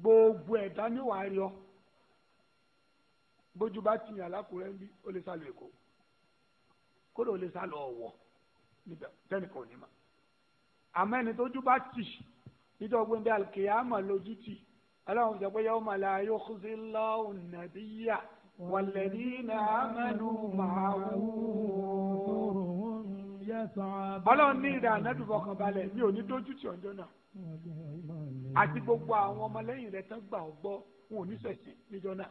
gbogbo ẹ̀dá ní wàá rí ọ bójú bá ti yàn lákùrẹ́ ń bí ó lè sálọ èkó kódà ó lè sálọ ọ̀wọ̀ níbẹ̀ tẹ́nìkan ò ní ma àmọ́ ẹni tójú bá tì nítorí gbẹ̀ndé alkiyama lójú tì aláwọn sọ pé yawma la yukhzi Allahu nabiyya wal ladina amanu ma'ahu ọlọ́run ní ìrẹ̀ ànádùn fọkàn balẹ̀ mi ò ní dójú tì ọjọ́ náà àti gbogbo àwọn ọmọlẹ́yìn rẹ̀ tán gbà ọ́ gbọ́ wọn ò ní ṣẹ̀sìn níjọ́ náà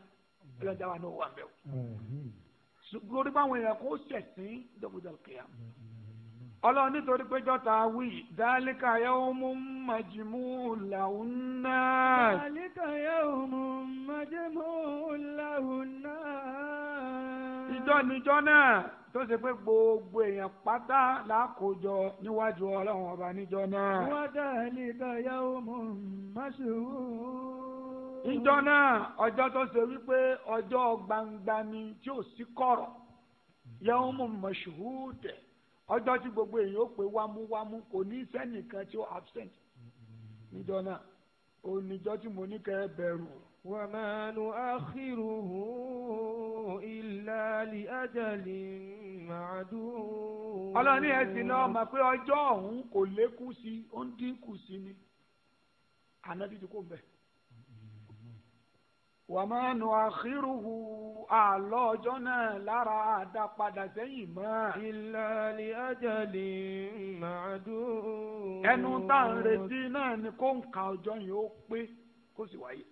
ẹlẹ́dàá wa náà wà bẹ́ẹ̀ o lórí báwọn èèyàn kò ṣẹ̀sìn dọ́gbọ́dọ́ kìá ọlọ́run nítorí pé jọ́ta wí dálíkà yawmun majmu'un lahun nas. dálíkà yawmun majmu'un lahun nas. ìjọ níjọ náà. tó ṣe pé gbogbo èèyàn pátá làákójọ níwájú ọlọ́run ọba níjọ náà. wọ́n dá ẹlẹ́ka yàwó mọ̀ máṣúrù. níjọ náà ọjọ́ tó ṣe wípé ọjọ́ gbangba ni tí ò sí kọ̀rọ̀ mọ̀ máṣúrù tẹ̀ ọjọ́ gbogbo èèyàn ó wámúwámú kò ní sẹ́nìkan tí ó absent náà tí mo ní kẹ́ bẹ̀rù. وما نؤخره إلا لأجل معدود. ọlọ́ni ẹ̀sìn náà mọ̀ pé ọjọ́ ọ̀hún kò lékún sí i ó ń dínkù sí ni ànábi ti kó bẹ̀. wàmọ́ nùàkírùhù àlọ́ ọjọ́ náà lára àdápadà sẹ́yìn mọ́. ìlàlẹ̀ àjàlẹ̀ màdùn. ẹnu tá à ń retí náà ni kó ń ka ọjọ́ yìí ó pé kó sì wáyé.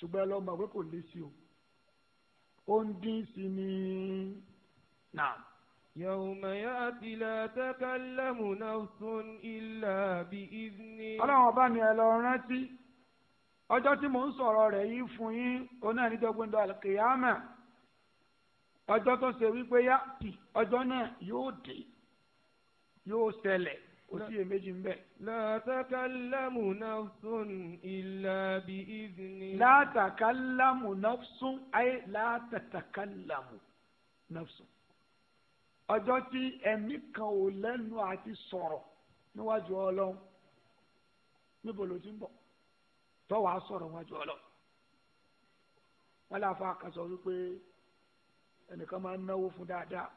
ṣùgbọ́n ẹ lọ́ọ́ mọ̀ lé sí o ó ń dín sí ni náà. يوم يأتي لا تكلم نفس إلا بإذنه. ọlọ́run ọba mi ẹ lọ rántí ọjọ́ tí mò ń sọ̀rọ̀ rẹ̀ yìí fún yín oná nídọ́gbọ́n dọ́ àlùkìyàmà ọjọ́ tó ṣe wípé yá ọjọ́ náà yóò dé yóò ṣẹlẹ̀ kò sí èméjì ńbẹ. la takallamu nafsun illa bi izni. la takallamu nafsun ay la tatakallamu nafsun. ọjọ́ tí ẹ̀mí kan ò lẹ́nu àti sọ̀rọ̀ níwájú ọlọ́run níbo ló ti ń bọ̀ tọ́wọ́ sọ̀rọ̀ níwájú ọlọ́run. wọ́n lè fa àkàsọ̀ wípé ẹnìkan máa ń náwó fún dáadáa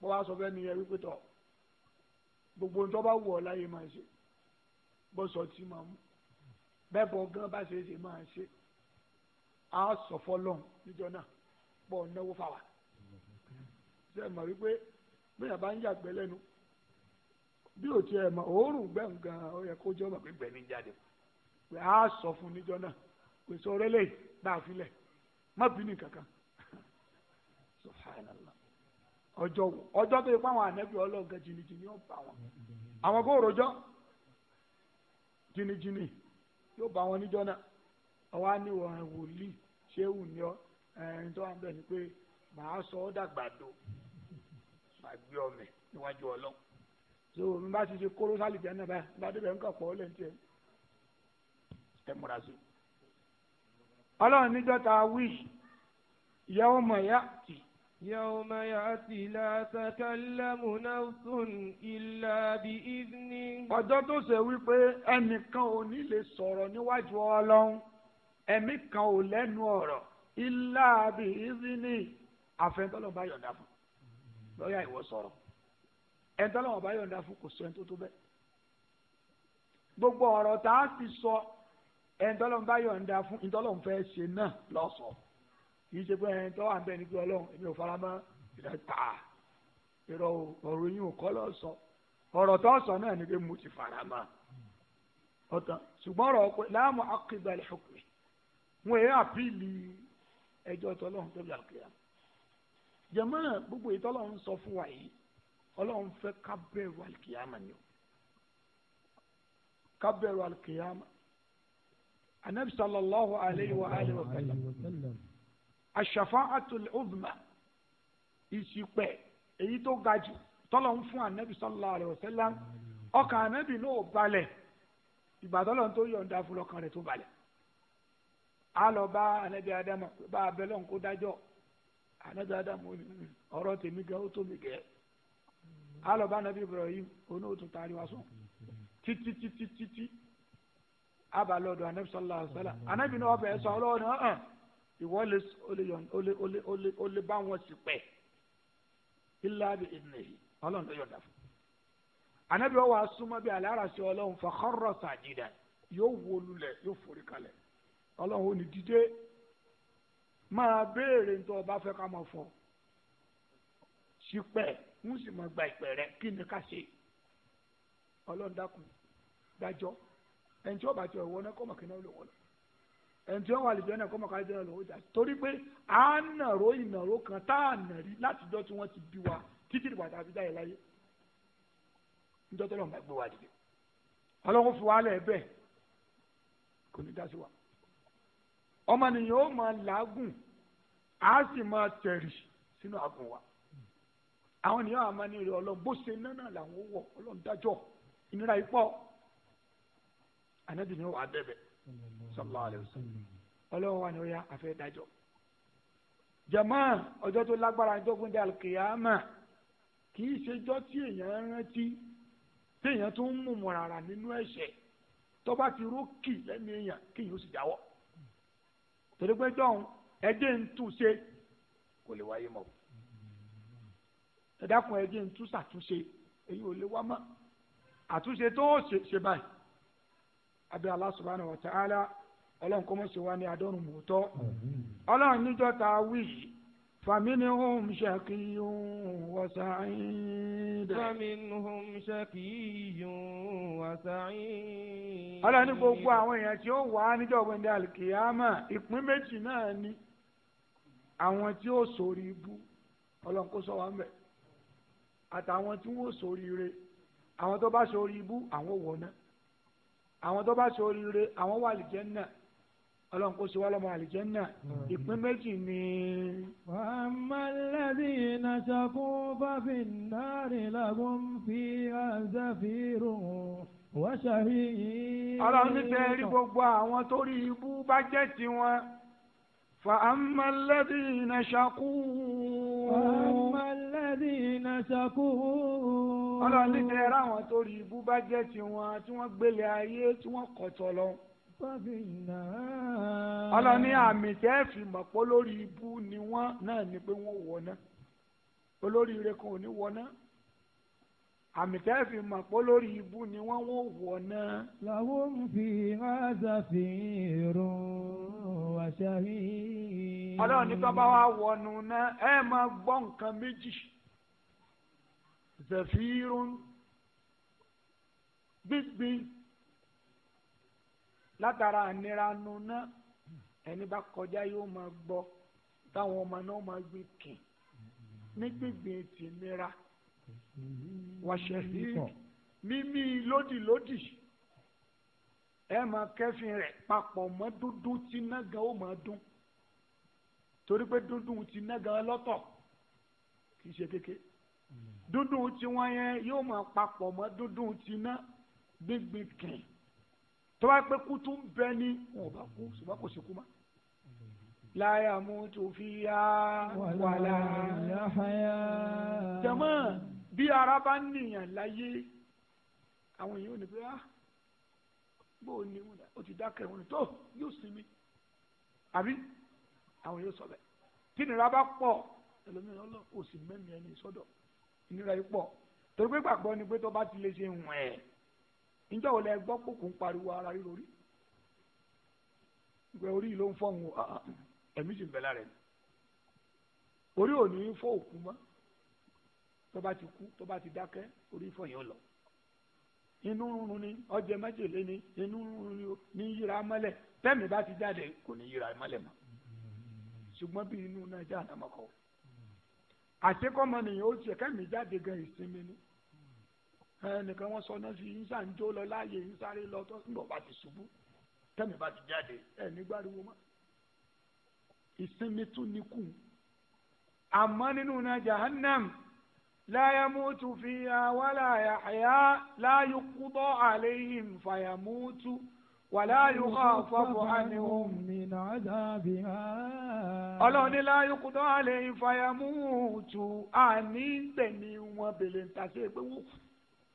wọ́n wá sọ fẹ́ nìyẹn wípé tọ̀ gbogbo ń wụọla wù ọ́ láyé máa ṣe bọ́sọ̀ tí máa mú gan bá ṣe é ṣe máa ṣe á sọ fọlọ́n níjọ náà pọ̀ náwó fáwa ṣe mọ̀ bá ń lẹ́nu bí ò mọ̀ òórùn ó yẹ kó pé jáde pé á sọ fún níjọ náà pèsè má bínú kankan ọjọ́ wo ọjọ́ tó yẹ pé àwọn ànẹ́bí ọlọ́ọ̀gá jìnnìjìnnì yóò bá wọn àwọn kò rojọ́ jìnnìjìnnì yóò bá wọn níjọ́ náà ọwọ́ á ní wòlíì ṣéwù ni ọ ẹni tó wà ń bẹ̀ ni pé màá sọ ọ́ dàgbàdo màá gbé ọmọ níwájú ọlọ́run so mi bá ti ṣe kóró sálì jẹ́ náà báyìí bá débẹ̀ ń kà pọ̀ ọ́ lẹ́nu tiẹ̀ ẹ múra sí i ọlọ́run níjọ́ ta wí ìyàwó mọ̀ ẹ̀yà tì í. يوم يأتي لا تكلم نفس إلا بإذنه. ọjọ́ tó ṣe wípé ẹnìkan ò ní lè sọ̀rọ̀ níwájú ọlọ́run ẹ̀mí kan ò lẹ́nu ọ̀rọ̀ إلا بإذنه àfẹ́ntọ́lọ́ bá yọ̀ǹda fún lọ́ọ̀yà ìwọ sọ̀rọ̀ ẹ̀ńtọ́lọ́ bá yọ̀ǹda fún kò sẹ́ni tó tó bẹ́ẹ̀. gbogbo ọ̀rọ̀ tá a ti sọ ẹ̀ńtọ́lọ́ bá yọ̀ǹda fún ìtọ́lọ́ fẹ́ ṣe náà lọ́sọ̀ọ́ kì í ṣe pé ẹni tó wà ń bẹ ní pé ọlọ́run èmi ò fara mọ́ ìdájọ́ irọ́ ọ̀rọ̀ yín ò kọ́ lọ sọ ọ̀rọ̀ tó sọ náà ni pé mo ti fara mọ́ ọ̀tàn ṣùgbọ́n ọ̀rọ̀ pé láàmú akíbalẹ̀ ṣùkùn wọn èé àpìlì ẹjọ́ tọ́lọ́run tó bí àkìlá jẹ̀mọ́ gbogbo ìtọ́lọ́run sọ fún wa yìí ọlọ́run fẹ́ ká bẹ̀rù àlìkìyàmà ni o ká bẹ̀rù àlìkìyàmà anabi sallallahu alayhi wa alayhi wa sallam ash-shafa'atul uzma ìṣìpẹ̀ èyí tó ga jù tọ́lọ̀ ń fún anabi sallallahu alayhi wa sallam ọkàn anabi náà balẹ̀ ìgbà tọ́lọ̀ tó yọ̀ǹda fún lọ́kàn rẹ̀ tó balẹ̀ a lọ bá anabi adamu bá abẹ́lẹ̀ ńkó dájọ́ anabi adamu hmm, ọ̀rọ̀ tèmi gẹ́ ó tó mi gẹ́ a lọ bá anabi ibrahim onóòtú tari wa sùn títí títí títí abalọ́dọ̀ anabi sallallahu alayhi wa sallam anabi náà ọbẹ̀ sọ ọlọ́wọ́ náà hàn ìwọ lè ó lè bá wọn sì pẹ́ ilábi ìnìyí ọlọ́run tó yọ̀ǹda fún. anabi wa wàá súnmọ́ bí alára sí ọlọ́run fa kharra sajida yóò wó lulẹ̀ yóò forí kalẹ̀ ọlọ́run ò ní dídé máa béèrè ní tó o bá fẹ́ ká máa fọ́ sí pẹ́ ń sì máa gba ìpẹ́ rẹ kí ni ká ṣe ọlọ́run dákun dájọ́ ẹni tí ìwọ náà kọ́ mọ̀ kí náà ló wọ̀ ẹni tí wọ́n wà lìjọ́ náà kọ́ mọ̀ká lìjọ́ náà lọ́wọ́ jà torí pé à ń nàró ìnàró kan tá à nà rí tí wọ́n ti bí wa títí ìgbà tá a fi dá yẹ láyé níjọ́ tó lọ́n bá gbé wa dìde ọlọ́run fi wá lẹ̀ bẹ́ẹ̀ kò ní dá wa ọmọnìyàn ó máa làágùn á sì máa tẹ̀rì sínú àgùn wa àwọn ènìyàn àmọ́ ní ìrẹ̀ ọlọ́run bó ṣe náà náà làwọn wọ̀ ọlọ́run dájọ́ ìnira ipò ànábìnrin wà bẹ́ẹ̀ bẹ́ẹ̀ sallallahu alayhi wa sallam mm. ọlọ́wọ́ wa ni ó yá àfẹ́ dájọ́ jama ọjọ́ tó lágbára ọjọ́ gbẹ̀ndẹ̀ alikiyama kì í ṣejọ́ tí èèyàn rántí tí èèyàn tó ń mùmù rárá nínú ẹ̀ṣẹ̀ tó bá ti rókì lẹ́nu èèyàn kí èèyàn ó sì jáwọ́ torí pé dọ́hùn ẹdẹ ń tún ṣe kò lè wáyé mọ́ ẹ̀dá kan ẹdẹ ń tún ṣàtúnṣe èyí ò lè wá mọ́ àtúnṣe tó ṣe báyìí abẹ́ Allah subhanahu wa ta'ala ọlọ́run kó mọ̀ sí wa ní adọ́run mòótọ́ ọlọ́run níjọ́ ta wí faminhum shaqiyyun wa sa'id. faminhum shaqiyyun wa sa'id. ọlọ́run ní gbogbo àwọn èèyàn tí ó wà níjọ́ gbẹ̀ndẹ̀ alikiyama ìpín méjì náà ni àwọn tí ó sórí ibú ọlọ́run kó sọ wa mẹ́ àtàwọn tí wọ́n sórí ire àwọn tó bá sórí ibú àwọn wọ̀ náà àwọn tó bá sórí ire àwọn wà lìjẹ́ náà ọlọ́run kó ṣe wá lọ́mọ àlìjẹ́nà hmm. ìpín méjì ni. wàmàlẹ́bí nàṣàkú fàfi náírà làgùn fi àzàfírù wáṣàrí. ọlọ́run nífẹ̀ẹ́ rí gbogbo àwọn tó rí ibú bá jẹ́ tiwọn. فأما الذين شقوا فأما الذين شقوا ọlọ́run ní tẹ̀ra àwọn tó rí ibú bá jẹ́ tiwọn tí wọ́n gbélé ayé tí wọ́n kọ̀ lọ ọlọ́ni àmì tẹ́ ẹ fi mọ̀ pé olórí ibú ni wọ́n náà ni pé wọ́n wọ̀ ná olórí ire kan ò ní wọ̀ ná àmì tẹ́ ẹ fi mọ̀ pé olórí ibú ni wọ́n wọ́n wọ̀ ná. làwọn ń fi ráza fi rún àṣà yìí. ọlọ́ni tó bá wá wọnú náà ẹ máa gbọ́ nǹkan méjì zẹ̀fírún gbígbín látara ànira nuná ẹni bá kọjá yóò máa gbọ́ táwọn ọmọ náà máa gbé kìn ní gbígbìn tì nira wàṣẹ̀hí mímí lódìlódì ẹ máa kẹ́fìn rẹ̀ papọ̀ mọ́ dúdú tí nága ó máa dún torí pé dúdú tí nága lọ́tọ̀ kì í ṣe kéke dúdú tí wọ́n yẹn yóò máa papọ̀ mọ́ dúdú tí ná gbígbìn kìn tó bá pé kú tún bẹ ní wọn ò bá kú ṣùgbọ́n kò sí kú mọ́. láyà mú tó fi yá wàlà yáháyá. jẹ̀mọ́ bí ara bá ń nìyàn láyé àwọn èèyàn ò ní pé ah bóò ni o ti dákẹ́ wọn tó yóò sinmi àbí àwọn yóò sọ bẹ́ẹ̀ tí ìnira bá pọ̀ ẹlòmíràn lọ kò sí mẹ́mìí ẹni sọ́dọ̀ ìnira yìí pọ̀ torí pé gbàgbọ́ ni pé tó bá ti lè ṣe wọ̀n ẹ̀ níjọ́ wo lẹ gbọ́ pò kò ń pariwo ara ríro rí ìgbẹ́ orí ló ń fọ́hùn ẹ̀mí sì ń bẹ̀ lára ẹ̀ orí ò ní fọ́ òkú mọ́ tó bá ti kú tó bá ti dákẹ́ orí fọ́ yẹn lọ inú rúnrún ni ọjẹ májèlé ni inú rúnrún ni ní yíra mọ́lẹ̀ tẹ́mi bá ti jáde kò ní yíra mọ́lẹ̀ mọ́ ṣùgbọ́n bí inú náà jáde àmọ́kọ́ àṣekọ́mọ nìyẹn ó ṣe kẹ́mi jáde gan ìsinmi ni ẹnìkan wọn sọ náà sí yínsá ń jó lọ láàyè yínsáré lọ tó ń bọ̀ bá ti ṣubú tẹ́mi bá ti jáde ẹ̀ nígbàdúgbò mọ́. ìsinmi tún ní kù àmọ́ nínú náà jahannam láyàmútu fi àwàlà àyà láyùkúbọ̀ àléyìn fàyàmútu wàláyù àfọ̀bọ̀ àníhùn mìíràn àdàbí ha. ọlọ́run ní láyùkúbọ̀ àléyìn fàyàmútu àní gbẹ̀mí wọn bèlè ń tàṣe pé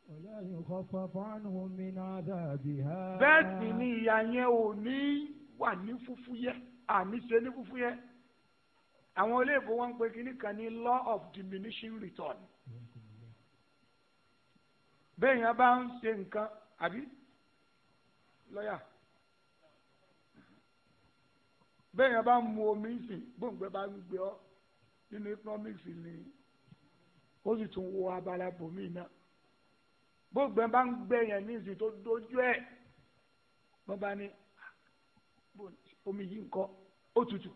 bẹ́ẹ̀ sì ni ìyà yẹn ò ní wà ní fúfúyẹ́ àní ṣe ní fúfúyẹ́ àwọn olóògbé wọn ń pe kínní kan ní law of diminishing return bẹ́ẹ̀ yẹn bá ń ṣe nǹkan àbí lọ́yà bẹ́ẹ̀ yẹn bá ń mu omi sìn gbòǹgbẹ́ bá ń gbé ọ nínú economics ni ó sì tún wo abala náà. gbogbo ẹ bá ń gbẹ yẹn ní ìsìn tó dojú omi yìí nǹkan ó tutù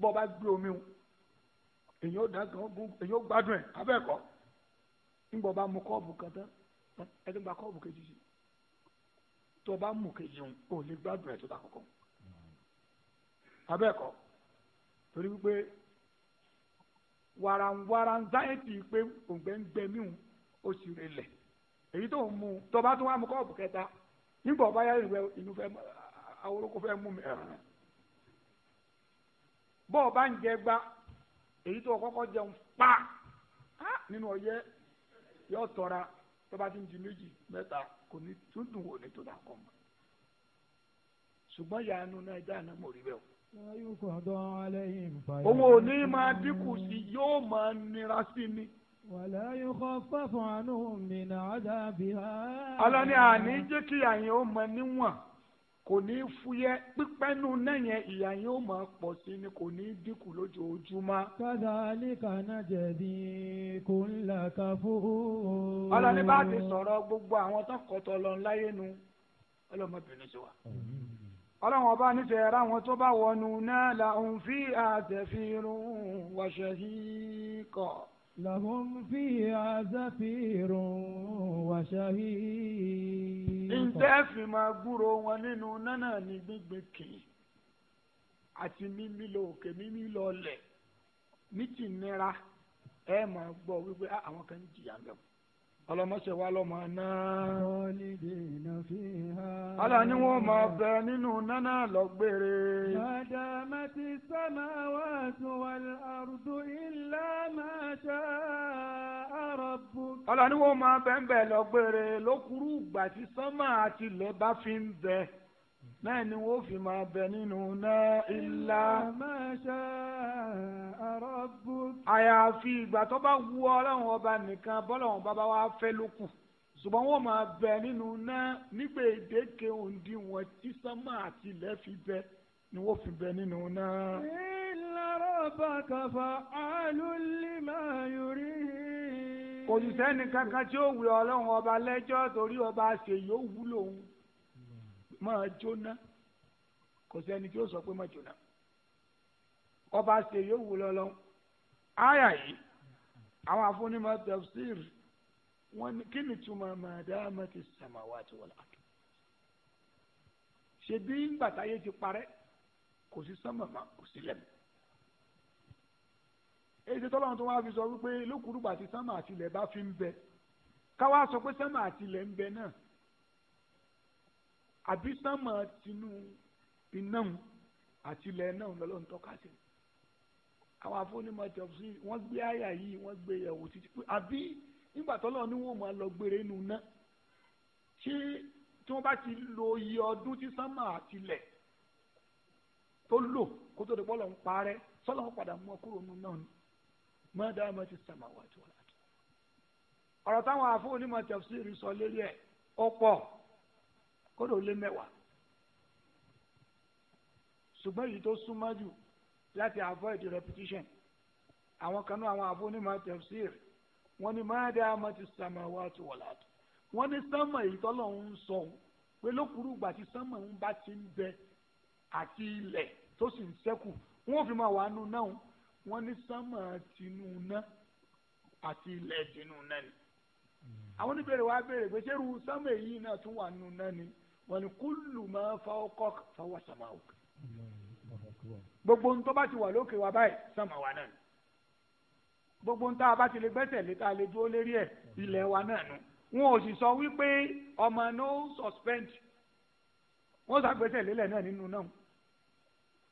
bọ́ bá gbé omi o èyàn ó dá gan ogun èyàn ó gbádùn ẹ̀ abẹ́ẹ̀kọ́ nígbà bá mu kọ́ọ̀bù kan tán ẹni gba kọ́ọ̀bù kejì sí tó bá mú kejì òun ò lè gbádùn tó abẹ́ẹ̀kọ́ torí wípé pé èyí tó ń mu tó bá tún wá mu kọ́ọ̀bù kẹta nígbà ọba yá ìlú fẹ́ awolóko fẹ́ mú mi ẹ̀ràn ń jẹ gbá èyí tó kọ́kọ́ jẹun pa nínú ọyẹ́ yóò tọ́ra tó bá ti ń di méjì mẹ́ta kò ní tún dùn wò ní tó dà kọ́ mọ́ ṣùgbọ́n yanu náà ẹja náà mò rí bẹ́ẹ̀ o. owó ní máa dínkù sí yóò máa nira sí ni wàlá yóò kọ́ fáfún àánú mi náà dàbí ha. ọlọ́ni àní jẹ́ kí àyàn ó mọ níwọ̀n kò ní í fúyẹ́ pípẹ́nu nẹ́yẹn ìyà yẹn ó máa pọ̀ sí ni kò ní í dínkù lójoojúmọ́. kádà alíkànnà jẹ̀bi kò ń là ká fún un. ọlọ́ni bá ti sọ̀rọ̀ gbogbo àwọn tó kọ́tọ̀ lọ láyé nu ọlọ́mọbìnrin sí wa. ọlọ́wọ́n bá ní sẹ́yìn ara wọn tó bá wọnú náà làwọn fi àtẹ̀fínrún wọ̀ṣẹ̀ yìí kọ̀. لهم فيها زفير وشهيق. ǹjẹ́ fi máa gbúrò wọn nínú nánà ní gbígbé kì í àti mímí lọ òkè mímí lọ lẹ̀ ní tìǹnira ẹ máa gbọ́ wípé ah, àwọn ọlọmọṣẹ wa lọmọ náà. khalidina fiha. ala ni wọn máa bẹ nínú nánà lọgbére. madamati samawatu wal ardu illa ma sha'a rabbuk. ala ni wọn máa bẹ ń bẹ lókùrú ìgbà tí àti ilẹ̀ bá fi ń bẹ náà ni wọ́n fi máa bẹ nínú náà ilá. ìlàmẹ́ṣẹ́ àrọ́bù. àyàfi ìgbà tó bá wù ọlọ́run ọba nìkan bọ́lọ́run bàbá wa fẹ́ ló ṣùgbọ́n wọ́n máa bẹ nínú náà nígbà èdèké òǹdíwọ̀n tí sánmà àti ilẹ̀ fi bẹ ni wọ́n fi bẹ nínú náà. ìlàrọ̀ bàkà fà álùlí máa yorí. kò sì sẹ́ni kankan tí ó wù ọlọ́run ọba lẹ́jọ́ torí ọba àṣeyọ̀ wúlò òun máa jóná kò sẹ́ni tí ó sọ pé máa jóná ọba ṣe yóò wù lọ́lọ́ áyà yìí àwọn afúnímọ̀ tafsir wọn ni kí ni túmọ̀ màdáàmà ti samawati wal ard ṣe bí gbàtàyé ti parẹ́ kò sí sánmà má kò sí lẹ́mù èyí tọ́lọ́run tó wáá fi sọ wípé lókùrúgbà tí sánmà àtìlẹ̀ bá fi ń bẹ káwá sọ pé sánmà àtìlẹ̀ ń bẹ náà àbí sánmà tinú iná àti ilẹ̀ náà lọ́lọ́ ń tọ́ka sí àwọn afọ́nímọ̀ tẹ̀sí wọ́n gbé àyà yìí wọ́n gbé yẹ̀wò títí pé àbí nígbà tọ́lọ́ ni wọ́n máa lọ gbére nù ná ṣé tí wọ́n bá ti lo iye ọdún tí sánmà àti ilẹ̀ tó lò kó tó di bọ́lọ̀ ń parẹ́ sọ́lọ́ ń padà mú ọ kúrò náà ni mọ́dà mọ́ ti sàmà wà tó wà. ọ̀rọ̀ táwọn afọ́nímọ̀ tẹ̀sí rí sọ lérí kódà ó lé mẹ́wàá ṣùgbọ́n èyí tó súnmọ́ jù láti avoid repetition àwọn kan náà àwọn àfúnímọ̀ tafsir wọ́n ní máa dá àmọ́ ti samawati wal ard wọ́n ní sánmà èyí tọ́lọ̀ ń sọ pé lókùrú ìgbà tí sánmà ń bá ti ń bẹ àti ilẹ̀ tó sì ń sẹ́kù wọ́n fi máa wà nù náà wọ́n ní sánmà tinú àti ilẹ̀ tinú náà ni. Hmm. àwọn oníbèrè wa béèrè pé ṣé irú sánmà èyí náà tún wà nù náà ni wọ́n ní kúlù máa fa ọkọ̀ fọwọ́ sàmà òkè gbogbo ntọ́ bá ti wà lókè wa báyìí sàmà wa náà gbogbo ntọ́ bá ti lè gbẹ́sẹ̀ lé ta lè dúró lérí ẹ̀ ilẹ̀ wa náà nù wọn ò sì sọ wípé ọmọ no suspend wọn sàgbẹ́sẹ̀ lélẹ̀ náà nínú náà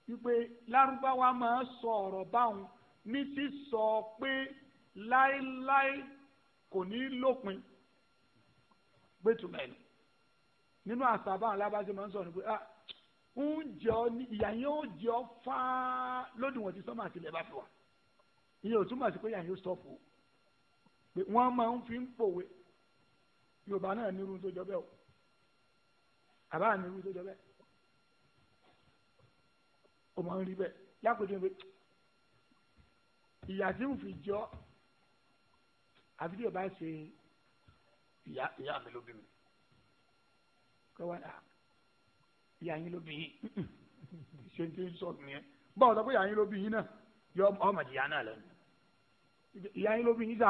wípé lárúbáwá máa sọ ọ̀rọ̀ báwọn ní sísọ pé láéláé kò ní lópin gbẹ́tùmẹ̀ nínú àṣà báwọn alábàáṣe máa ń sọ ni pé ah, oúnjẹ ìyá yẹn ó jẹ ọ fáá lódì wọn ti sọmọ àti ilẹ̀ bá fi wà ìyẹn ò túmọ̀ sí pé ìyá yẹn ó sọ̀fù o pé wọ́n máa ń fi ń pòwe yorùbá náà ní irun tó jọ bẹ́ẹ̀ o àbá ní irun tó jọ bẹ́ẹ̀ o máa ń rí bẹ́ẹ̀ lápèjọ pé ìyá tí ń fi jọ àfi yorùbá ṣe ìyá ìyá mi ló bí mi kọ́wá dà ah, ìyá yín ló bí yín ṣe ń tí ń sọ nìyẹn báwo sọ pé ìyá yín ló bí yín náà yọ ọmọ ìyá náà lọ ìyá yín ló bí yín sà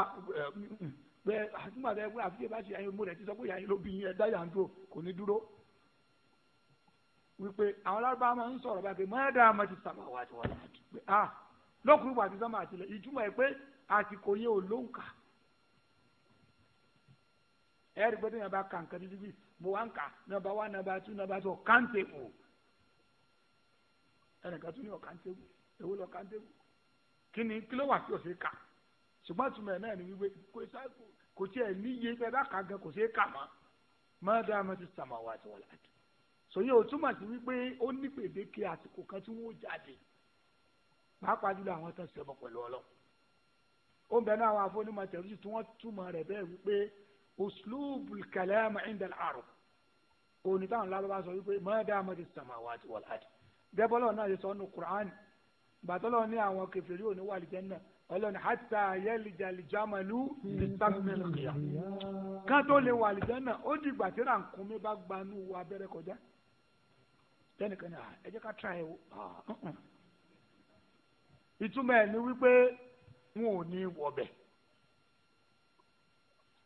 pé àtúmọ̀ àti ẹgbẹ́ àfihàn bá ṣe ìyá yín mo rẹ̀ ti sọ pé ìyá yín ló bí yín ẹ dá yà ń dúró kò ní dúró wípé àwọn lárúbáwá máa ń sọ̀rọ̀ báyìí pé a àmọ́ ti sàmà wá ti wọ́n láti pé ah lọ́kùnrin wà ti sọ́mà àtìlẹ̀ ìtumọ̀ ẹ̀ pé àsìkò yẹn ò lóǹkà ẹ̀rí pé téèyàn bá ka nǹkan títí mo wá ń kà nọmba wá nọmba tú nọmba tú ọ̀kántébù ẹnìkan tún ní ọ̀kántébù èwo lọ ọ̀kántébù kí ni kí ló wà tí o ṣe kà ṣùgbọ́n tùmọ̀ ẹ̀ náà ni wípé kò tí ẹ̀ níye bẹ́ẹ̀ bá kà gan kò ṣe é kà mọ́ mọ́dà mọ́tò sàmáwá àti wọ́lá àti sòye ò túmọ̀ sí wípé ó ní pèdéke àsìkò kan tí wọ́n jáde pàápàá jùlọ àwọn tó ń ṣẹbọ pẹ̀lú ọlọ́ ó ń bẹ náà àwọn afọ́nímọ̀ tẹ̀lú tí wọ́n túmọ̀ rẹ̀ bẹ́ẹ̀ wípé uslubu kàlámà inda al-arab òní táwọn lábàbà sọ wípé ma damati samawati wal ard dẹ́bọ́lọ́ náà ti sọ ọ́nù Qur'an bàtọ́lọ́ ní àwọn kẹfìrí òní wà lìjẹ́nà ọlọ́ni hatta yalija al-jamalu fi sáfìmì al-khiyam ká tó lè wà lìjẹ́nà ó di ìgbà tí rànkúnmí bá gbanú wa abẹ́rẹ́ kọjá tẹnìkan ní ẹ jẹ́ ká tra ẹ̀ wò ìtumọ̀ ẹ̀ ni wípé wọn ò ní wọ̀bẹ̀.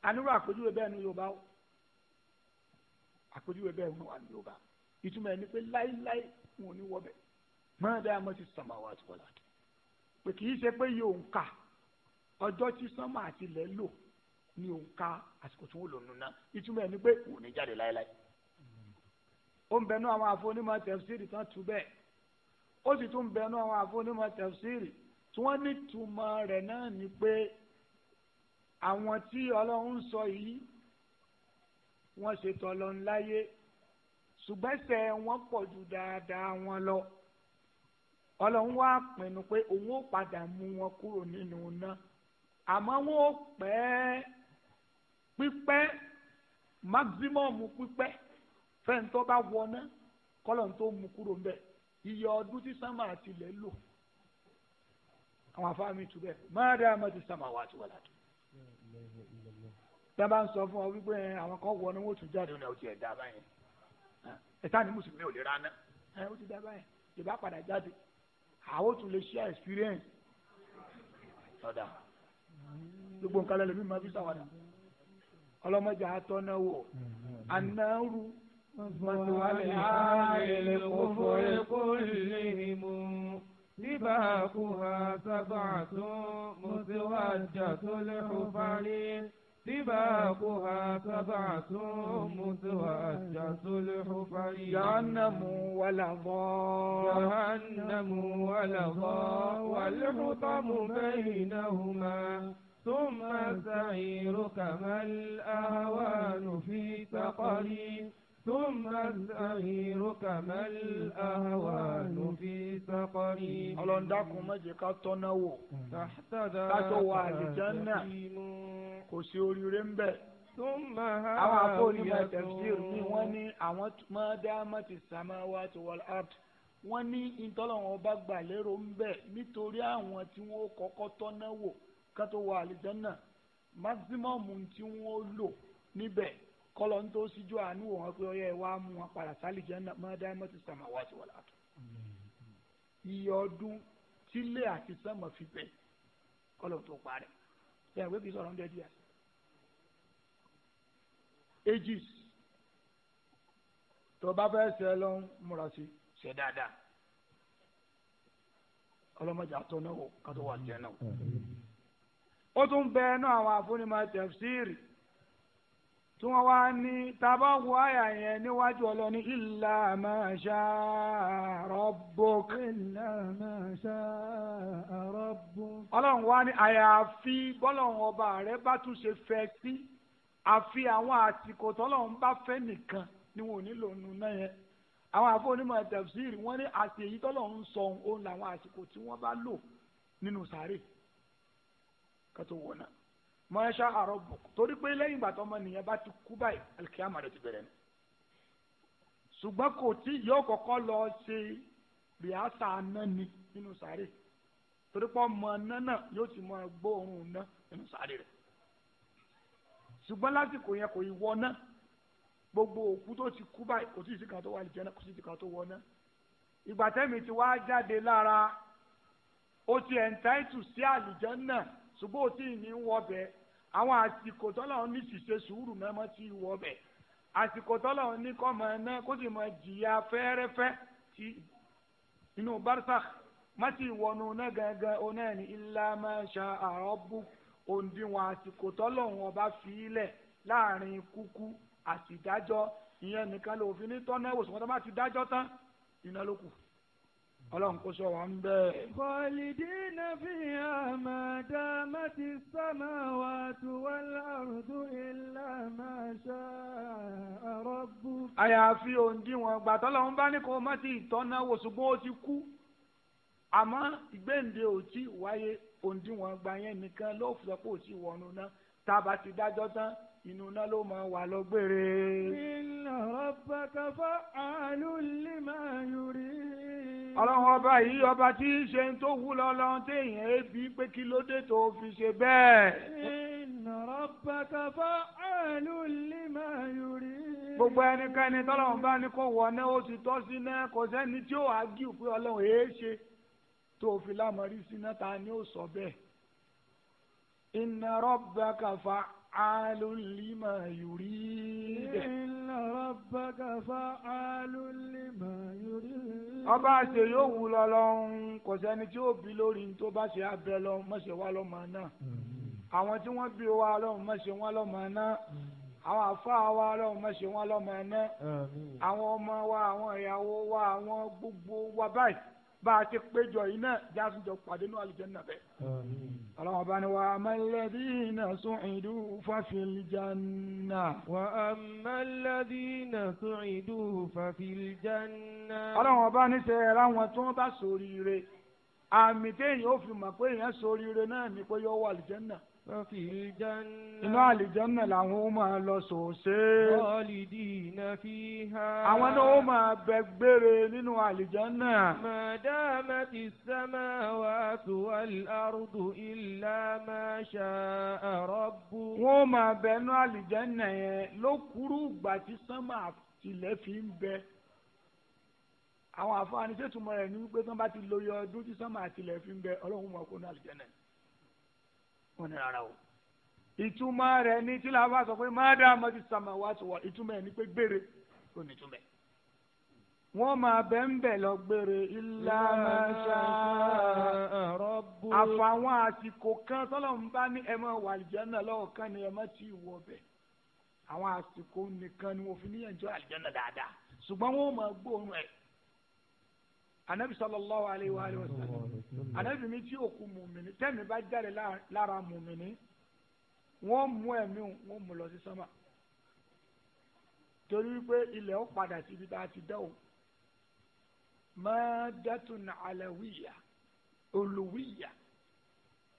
Anuru àpèjúwe bẹ́ẹ̀ ní yorùbá o àpèjúwe bẹ́ẹ̀ wọn wà ní yorùbá ìtumọ̀ ẹ̀ ni pé láíláí wọn ò ní wọbẹ̀ máa dá àmọ́ ti sàmà wá àti wọlá pé kì í ṣe pé yóò ń kà ọjọ́ tí sánmà àti ilẹ̀ lò ní òun ká àsìkò tí wọ́n lò nù náà ìtumọ̀ ẹ̀ ni pé kò ní jáde láíláí ó ń bẹnu àwọn àfọnímọ̀ tẹ̀síìrì tán tu bẹ́ẹ̀ ó sì tún bẹnu àwọn àfọnímọ̀ tẹ̀síìrì tí wọ́n ní túmọ̀ rẹ̀ náà ni pé àwọn tí ọlọ́run sọ yìí wọ́n ṣètò ọlọ́run láyé ṣùgbọ́n ẹ̀ṣẹ̀ wọn pọ̀ ju dáadáa wọn lọ ọlọ́run wá pinnu pé òun ó padà mú wọn kúrò nínú iná àmọ́ wọn ó pẹ́ pípẹ́ maximum pípẹ́ fẹ́ǹtọ́ bá wọná kọ́lọ́n tó mú kúrò ń bẹ̀ iye ọdún tí sánmà àtìlẹ̀ lò àwọn afáàmì tù bẹ́ẹ̀ má dáa ti sánmà wá àti wọ́n tí wọ́n bá ń sọ fún ọ wípé àwọn kan wọ ni wọ́n tún jáde ní ọjọ́ ẹ̀dá báyìí ẹ̀ta ni mùsùlùmí ò lè ra ná ẹ̀ ó ti dá báyìí ìbá padà jáde àwọn tún lè share experience ọ̀dà gbogbo nǹkan lẹ́lẹ́ mi máa fi sàwádà ọlọ́mọdé àtọ́nà wò anáru mọ̀tòwálẹ̀ àárẹ̀ kófò kó lè mú níbà kó ha sábà tó mọ̀tòwájà tó lè parí. سباقها سبع سمس وأسجس جهنم ولظى جهنم ولظى والحطم بينهما ثم السعير كما الأهوان في سقري ثم السعير كما الأهوان في سقري. ألا dákun má كاتو ká تحت wò. ká tó kò sí oríire ń bẹ. àwọn afọ́lì máa tafsir ni wọ́n ní àwọn máa dá má ti samawati wal ard wọ́n ní ìtọ́lọ́wọ́n bá gbà lérò ń bẹ nítorí àwọn tí wọ́n kọ́kọ́ tọ́ná wò ká tó wọ àlìjánná máxímọ́ọ̀mù tí wọ́n lò níbẹ̀ kọ́lọ́ ń tó síjú àánú wọn pé ọyẹ́ wa mú wọn padà sálìjánná máa dá má ti samawati wal ard iye ọdún tílé àti sánmọ̀ fi bẹ̀ kọ́lọ́ tó parẹ́ ṣe àgbẹ̀ kì í sọ̀rọ̀ hundred years ages tó bá fẹ́ ṣe lọ ń múra sí ṣe dáadáa ọlọ́mọdé àtọ́nà wò kátó wà jẹ́ náà ó tún bẹ náà àwọn àfúnimọ̀ tẹ̀fsíìrì tí wọ́n wá ní tabawo àyà yẹn níwájú ọlọ́ni illa ma sha rabbuk. illa ma sha rabbuk. ọlọ́run wá ní àyàfi bọ́lọ́run ọba rẹ̀ bá tún ṣe fẹ́ sí àfi àwọn àsìkò tọ́lọ́run bá fẹ́ nìkan ni wọn ò nílò nù náà yẹn àwọn àfọwọ́nímọ̀ tafsir wọ́n ní àti èyí tọ́lọ́run sọ òun làwọn àsìkò tí wọ́n bá lò nínú sáré kátó wọ̀ náà mọ́ṣá àrọ̀ bọ̀ torí pé lẹ́yìn ìgbà tó ọmọnìyàn bá ti kú báyìí alikiyama rẹ̀ ti bẹ̀rẹ̀ ni ṣùgbọ́n kò tí yóò kọ́kọ́ lọ ṣe rìhásà náà ni nínú sáré torí pé ọmọ náà náà yóò ti mọ gbóòórùn náà nínú sáré rẹ̀ ṣùgbọ́n lásìkò yẹn kò ì wọ náà gbogbo òkú tó ti kú báyìí kò sí ìsìn kan tó wà lìjẹ́ náà kò sí ìsìn kan tó wọ náà ìgbà tẹ́mi ti wá jáde lára ó ti ẹ̀ǹtáìtù sí àlìjẹ́ náà ṣùgbọ́n ó ti ní wọ bẹ́ẹ̀ àwọn àsìkò tọ́lọ́run ní ṣìṣe sùúrù mẹ́mọ́ ti wọ bẹ́ẹ̀ àsìkò tọ́lọ́run ní kọ́ ẹ̀ná kó sì mọ jìyà fẹ́ẹ́rẹ́fẹ́ ti inú barsakh má ti wọnú náà gangan onáà ní illa ma sha'a rabbuk òǹdíwọ̀n àsìkò tọ́lọ́hún ọba fi í lẹ̀ láàrin kúkú àti ìdájọ́ ìyẹn nìkan ló fi ní tọ́nà ìwòsàn wọn tó bá ti dájọ́ tán iná ló kù ọlọ́run kò sọ wọn bẹ́ẹ̀. kọ́lìdínà fi àmà dàmà ti sámà wà tó wà ilà máa ṣá àrọ́bù. àyàfi òǹdíwọ̀n gbàtọ́lọ́hún bá ní kó má ìtọ́nà wò ṣùgbọ́n ti kú àmọ́ ìgbéǹde ò tí wáyé òǹdíwọ̀n gba yẹn nìkan ló sọ pé ò sí wọnú náà tá a bá ti dájọ́ tán inú náà ló máa wà lọ́gbére. inna rabbaka fa'alun lima yurid. ọlọ́run ọba yìí ọba tí í ṣe ń tó wú lọ́lọ́run téèyàn ébi pé kí ló dé tó fi ṣe bẹ́ẹ̀. inna rabbaka fa'alun lima yurid. gbogbo ẹnikẹ́ni tọ́lọ́run bá ní kó wọ náà ó ti tọ́ sí náà kò sẹ́ni tí ó wàá gí òpin ọlọ́run èé ṣe tó fi lámọ̀rí síná ta ni ó sọ bẹ́ẹ̀. inna rabbaka fa'alun lima yuri. inna rabbaka fa'alun lima yuri. ọba àṣẹ yóò wù lọ lọ́hún kò sẹ́ni tí ó bí lórí tó bá ṣe abẹ lọ mọ̀ṣẹ̀ wá lọ́mọ náà. àwọn tí wọ́n bí wa lọ́hún mọ̀ṣẹ̀ wá lọ́mọ náà àwọn àfáà wa ọlọ́run má ṣe wọ́n lọ́mọ àwọn ọmọ wa àwọn ìyàwó wa àwọn gbogbo wa báyìí bá a ti péjọ yìí náà jáàsùn jọ pàdé ní alìjẹ́nà bẹ́ẹ̀. ọlọ́wọ́n bá ní wa amalladhina su'idu fafil janna. wa amalladhina su'idu fafil janna. ọlọ́wọ́n bá ní sẹ́yìn láwọn tó ń bá sóríire àmì téèyàn ó fi mọ̀ pé èèyàn sóríire náà ní pé yọ wà alìjẹ́nà inú àlìjọ́nà làwọn ó máa lọ sòòsé. khalidina fiha. àwọn náà ó máa bẹ gbére nínú àlìjọ́nà. ma damati samawatu wal ardu illa ma sha'a rabbu. wọ́n máa bẹ nínú àlìjọ́nà yẹn lókùrú ìgbà tí sánmà tilẹ̀ fi ń bẹ. àwọn àfọwọ́ni ṣètùmọ̀ rẹ̀ ní wípé tí ti lóye ọdún tí sánmà tilẹ̀ fi ń bẹ ọlọ́run mọ̀ kó ní àlìjọ́nà yẹn wọn ní rárá o ìtumọ̀ rẹ̀ ní tí làwọn bá sọ pé má dá mọ́tì sàmà wá ti wọ̀ ìtumọ̀ ẹ̀ ní pé gbére kò ní túmẹ̀. wọ́n máa bẹ̀ lọ gbére ilá àfàwọn àsìkò kan tọ́lọ́run bá ní ẹ máa wà àlìjánà lọ́wọ́ kan ni ẹ má ti wọ̀ bẹ̀ àwọn àsìkò nìkan ni wọ́n fi níyànjọ́ àlìjánà dáadáa ṣùgbọ́n wọ́n máa gbóòórùn ẹ̀ anabi sallallahu alayhi wa alayhi wa sallam anabi mi tí òkú mùmìnì tẹ́mi bá jáde lára mùmìnì wọ́n mú ẹ̀mí wọ́n mú lọ sí sánmà torí pé ilẹ̀ ó padà síbi tá a ti dẹ́ o madatun alawiya olùwíyà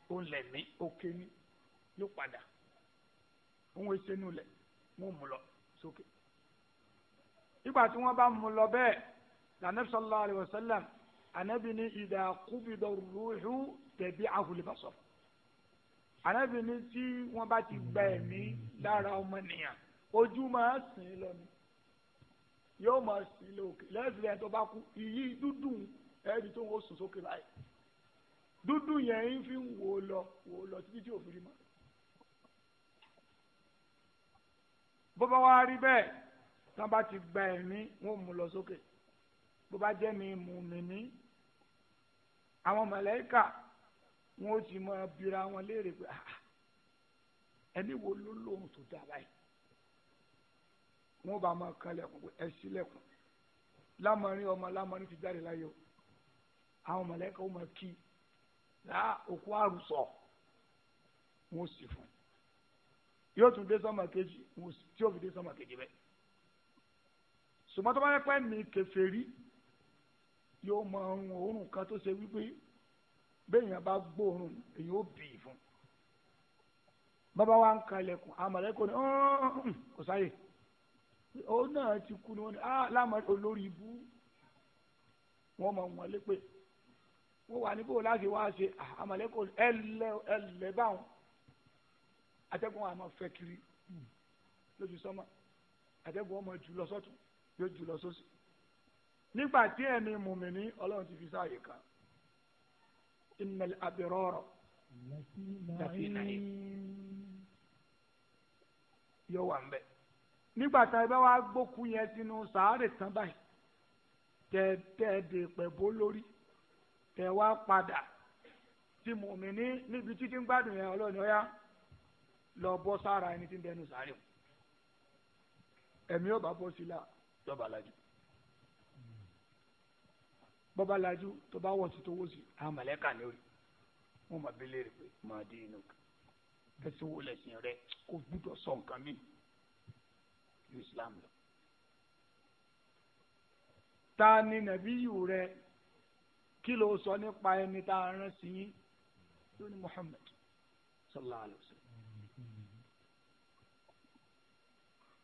olẹ̀mí òkè ni yóò padà òun èsè nulẹ̀ wọ́n mú lọ sókè. ìgbà tí wọ́n bá mú lọ bẹ́ẹ̀ lànàbí sallallahu alayhi wa sallam anabi ni ìdá kúbidọ ruuhu tẹbi ahulibasọ anabi ni tí wọn bá ti gba ẹ̀mí lára ọmọnìyàn ojú máa sìn lọ ni yóò máa sìn lọ òkè lẹ́sìn ẹ̀ tó bá kú ìyí dúdú ẹ̀ẹ́dì tó ń wò sùn sókè báyìí dúdú yẹn ń fi wò lọ wò lọ títí tí òfin rí mọ́. bó bá wá rí bẹ́ẹ̀ tí wọ́n bá ti gba ẹ̀mí wọ́n mú lọ sókè. So bó bá jẹ́ mi mùmíní àwọn màláíkà wọn ó sì máa bira wọn léèrè pé ah, ẹni wo ló lóhùn tó dáa báyìí wọn bá máa kanlẹ̀kùn pé ẹ sílẹ̀kùn lámọ̀rin ọmọ lámọ̀rin ti jáde láyé o àwọn màláíkà ó máa kí láà òkú àrùsọ wọn ó sì fún yóò tún dé sọmọ kejì tí yóò fi dé sọmọ kejì bẹ́ẹ̀ sùmọ́tò bá yẹ pé mi kèfèrí yóò mọ ọrùn òórùn kan tó ṣe wípé béèyàn bá gbóòórùn èyí ó bì í fún bàbá wa ń ka ilẹ̀kùn àmọ̀lẹ́kùn ni kò sáyè òun náà ti kú ni wọ́n ní lámàrí olórí ibú wọ́n mọ̀ wọ́n lé pé wọ́n wà níbò láti wá ṣe àmọ̀lẹ́kùn ẹlẹ́ ẹlẹ́ báwọn atẹ́gùn àmọ́ fẹ́ kiri lójú sọ́mọ́ atẹ́gùn ọmọ jù lọ sọ́tún yóò jù lọ sósì nígbà tí ẹ̀mí mùmìnì ọlọ́run ti fi sáàyè kan innal abirọ́rọ̀ lafi na'im yóò wà mbẹ nígbà tá a bá wá gbókù yẹn sínú sàárè tán báyìí tẹ tẹ dè pẹ̀bó lórí tẹ wá padà tí mùmìnì níbi títí ń gbádùn yẹn ọlọ́run ọ̀yá lọ bọ́ sára ẹni tí ń bẹnu sàárè mu ẹ̀mí ọba bọ́ sí la lajú bọ́ba lajú tó bá wọ̀ sí tó wọ́ sí àwọn mọ̀lẹ́kà ni ó rí wọn máa bẹ léèrè pé máa dé inú ẹsẹ̀ wo lẹ̀sìn rẹ kó gbúdọ̀ sọ nǹkan mi ju Islam lọ. ta ni nàbíyù rẹ kí ló sọ nípa ẹni tá a rán sí yín lóní Muhammad sallallahu alayhi wa sallam.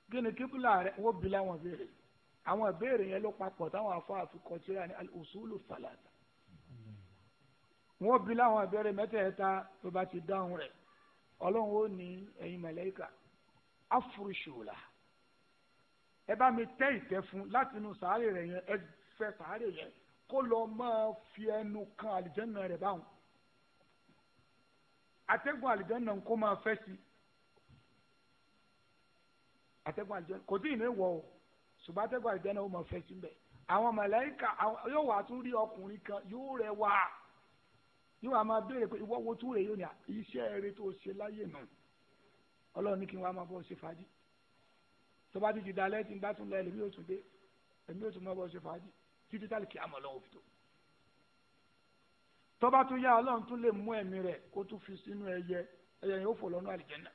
kí ni kíkúlà rẹ wọ́n bí láwọn béèrè àwọn ìbéèrè yẹn ló papọ̀ táwọn afọ àfikọ́ tíra ní al-usulu salata wọn bí láwọn ìbéèrè mẹ́tẹ̀ẹ̀ta tó bá ti dáhùn rẹ̀ ọlọ́run ó ní ẹ̀yin màláíkà afurusula ẹ bá mi tẹ́ ìtẹ́ fún láti inú sàárè rẹ̀ yẹn ẹ fẹ́ sàárè yẹn kó lọ máa fi ẹnu kan àlìjẹ́nà rẹ̀ báwọn atẹ́gùn àlìjẹ́nà kó máa fẹ́ sí atẹ́gùn àlìjẹ́nà kò tí ì ní wọ̀ ọ́ ṣùgbọ́n atẹ́gùn àlìjẹ́nà ó mọ̀ fẹ́ sí bẹ́ẹ̀ àwọn màláíkà yóò wá tún rí ọkùnrin kan yóò rẹwà yóò wá máa béèrè pé ìwọ́wọ́ tún rè yóò ní iṣẹ́ eré tó ṣe láyè nù ọlọ́run ní kí n wá máa bọ́ ṣe fàájì tó bá ti di dalẹ́ tí n bá tún lọ ẹlẹ́mí ò tún dé ẹ̀mí ò tún máa bọ́ ṣe fàájì títí tálí kí àmọ́ ọlọ́run fi tó tó bá tún yá ọlọ́run tún lè mú ẹ̀mí rẹ̀ kó tún fi sínú ẹyẹ ẹyẹ yóò fò lọ́nà àlìjẹ́nà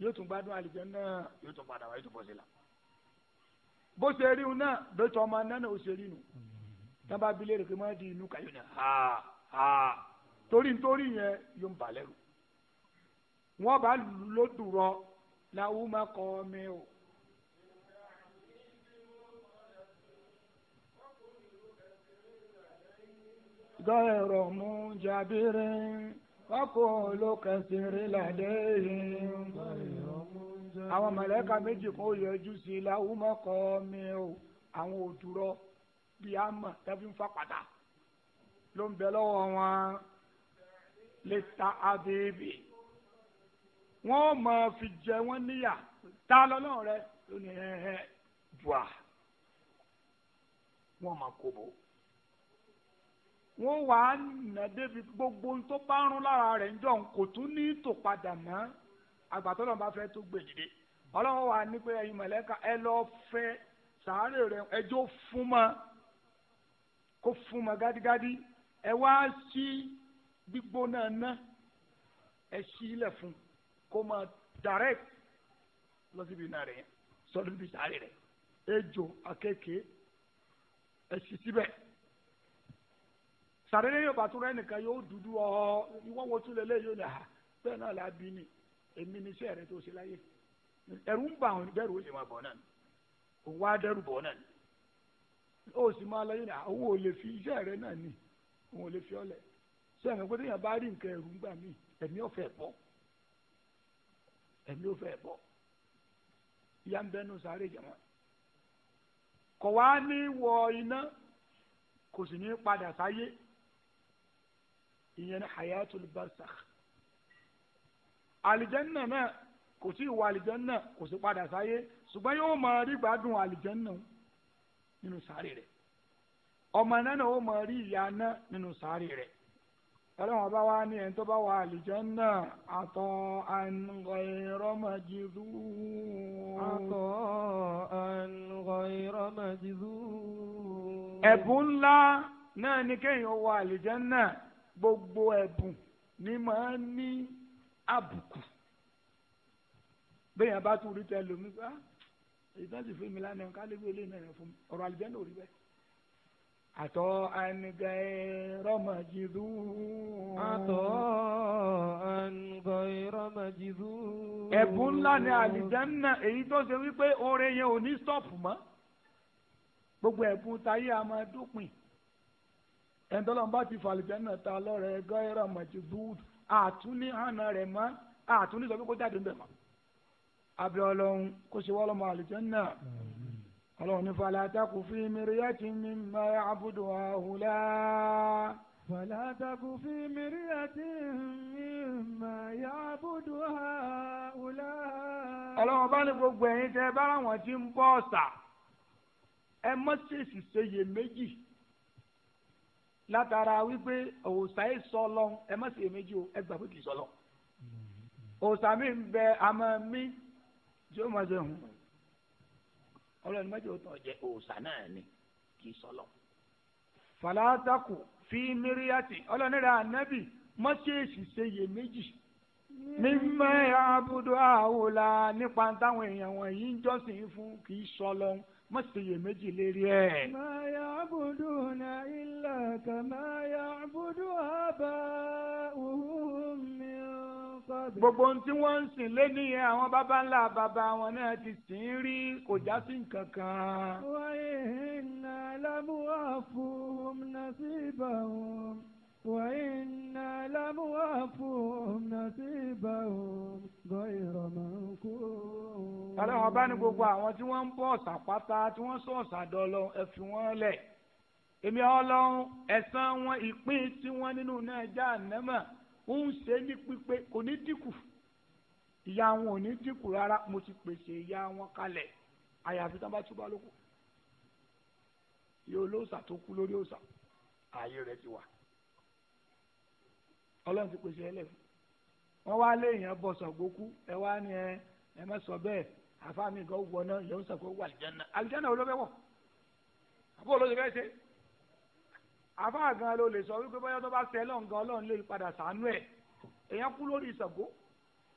yóò tún gbádùn àlìjẹ́nà yóò tún padà wá yóò bọ́ sí làwọn. bó ṣe rí un náà lóòótọ́ ọmọ náà ó ṣe rí nu abilé rẹ̀ di inú náà ha ha torí nítorí yẹn yóò bà lẹ́rù wọ́n bá lòdù rọ làwọn máa kọ́ ọ mi fákòóló kẹsìrì làdéhìn àwọn mọ̀lẹ́ka méjì kan ó yọjú sí i láwùmọ́kọ mi o àwọn òdùrọ bíi àmọ̀ tẹ́fí ń fa pàtà ló ń bẹ lọ́wọ́ wọn lẹ́tà àbẹ́bẹ́ wọ́n máa fi jẹ wọ́n níyà tá a lọ́lọ́run rẹ lónìí ẹ̀ẹ́ bùà wọ́n máa kó bò wọ́n wà á nà débi gbogbo tó bá ń rún lára rẹ̀ ńjọ́ kò tún ní tò padà mọ́ àgbàtọ́ náà bá fẹ́ tó gbèdìde ọlọ́run wà á ní pé ẹ̀yin mọ̀lẹ́ka ẹ lọ fẹ́ sàárè rẹ̀ ẹjọ́ fún mọ́ kó fún mọ́ gádígádí ẹ wá sí gbígbóná náà ẹ sí ilẹ̀ fún kó máa direct lọ síbi náà rẹ̀ sọ́dún bíi sàárè rẹ̀ ejò akéèké ẹ sì síbẹ̀ sàdédé yóò bá tún rẹ nìkan yóò dúdú ọ ìwọ wo tún lélẹ yóò ní ha ah, bẹ́ẹ̀ náà la bí ni èmi ni iṣẹ́ rẹ tó ṣe láyé ẹrù ń bà wọn bẹ̀rù ó lè máa bọ náà ni òun wá dẹrù bọ náà ni ó sì máa láyé ní àwọn ah, ò lè fi iṣẹ́ rẹ náà ni òun ò lè fi ọlẹ ṣé ẹ̀mí pé téèyàn bá rí nǹkan ẹ̀rù ń gbà mí ẹ̀mí ò fẹ́ bọ́ ẹ̀mí ò fẹ́ bọ́ ìyá ń bẹnu sáré jẹmọ́ kọ̀ wá ní wọ iná kò sì ní padà sáyé ìyẹn ní hayatul barzakh àlìjẹ́nà náà kò sí ìwà àlìjẹ́nà kò sí padà sáyé ṣùgbọ́n yóò máa rí gbádùn àlìjẹ́nà nínú sáré rẹ̀ ọmọ náà náà ó máa rí ìyà náà nínú sáré rẹ̀ ọlọ́run bá wá ní ẹni tó bá wà àlìjẹ́nà àtọ̀ àǹgọ̀ àtọ̀ àǹgọ̀ ẹ̀bùn ńlá náà ni kéèyàn wọ àlìjẹ́nà gbogbo ẹ̀bùn ni máa ń ní àbùkù bẹ́ẹ̀ yẹn bá tún rí tẹ lómi bá ah, ìtọ́jú fún mi lánàá ká lébi olóyìn náà fún mi ọ̀rọ̀ àlùjẹ́ náà rí bẹ́ẹ̀. àtọ̀ ànigà rọ́mà jìdú. àtọ̀ ànigà rọ́mà jìdú. ẹ̀bùn ńlá ni àlùjẹ́ náà èyí tó ṣe wípé oore yẹn ò ní stọ́ọ̀pù mọ́ gbogbo ẹ̀bùn táyé a dópin ẹnitọ́lọ́n bá ti fàlùfẹ́ náà ta lọ́rẹ̀ gọ́ẹ́rọ̀ mọ̀júbúùd àtúní àna rẹ̀ mọ́ àtúní sọ pé kó jáde níbẹ̀ mọ́. abẹ́ ọlọ́run kó ṣe wọ́n lọ́mọ àlùfẹ́ náà ọlọ́run ní falẹ̀ atakù fi mìíràn ti ní mọ́ àbúdò àhùlá. falẹ̀ atakù fi mìíràn ti ní mọ́ àbúdò àhùlá. ọlọ́run bá ní gbogbo ẹ̀yin tẹ́ bá tí ń bọ́ ọ̀sà ẹ mọ́ ṣèṣì ṣeyè látara wípé òòsà yìí sọ lọ ẹ má ṣe méjì o ẹ gbà pé kì í sọ lọ òòsà mi ń bẹ àmọ́ mi tí ó máa ṣe hùn ọlọ́ni méjì ó tàn jẹ òòsà náà ni kì í sọ lọ. fàlàtàkù fi míríyàtì ọlọ́ni rẹ̀ ànábì má ṣe èsì ṣe yè méjì mímọ́ abudu àwòlà nípa táwọn èèyàn wọ̀nyí ń jọ́sìn fún kì í sọ lọ́hùn má ṣe iyèméjì lérí ẹ̀. ma ya'buduna illa kama ya'budu aba'uhum min qabl. gbogbo ohun tí wọ́n ń sìn lé nìyẹn àwọn baba ńlá baba wọn náà ti sìn ín rí kò já sí nǹkan kan. wa inna lamu'affuhum nasibahum. وإنا لموافوهم نصيبهم غير منكور. ọlọ́run ọba ní gbogbo àwọn tí wọ́n ń bọ̀ ọ̀sà pátá tí wọ́n sọ ọ̀sà dọ́lọ́ ẹ fi wọ́n lẹ̀ èmi ọlọ́run ẹ̀san wọn ìpín tí wọ́n nínú náà já ànámà ń ṣe ní pípé kò ní dínkù ìyá wọn ò ní mo ti pèsè ìyá wọn kalẹ̀ àyàfi tí wọ́n bá túbọ̀ lóko yóò lóòsà tó kú lórí òòsà ààyè rẹ̀ ti wà ọlọ́run ti pèsè ẹlẹ́ fún wọ́n wá lé èèyàn bọ̀ sọ̀gbókú ẹ wá ní ẹ ẹ má sọ bẹ́ẹ̀ àfáàmì kan wọ náà yẹn ń sọ pé ó wà àlìjáná àlìjáná wo ló fẹ́ wọ̀ àbó ló ti fẹ́ ṣe àfáà gan ló lè sọ wípé bóyá tó bá fẹ́ lọ́n gan ọlọ́run lè padà sànú ẹ̀ èèyàn kú lórí ìsọ̀gbó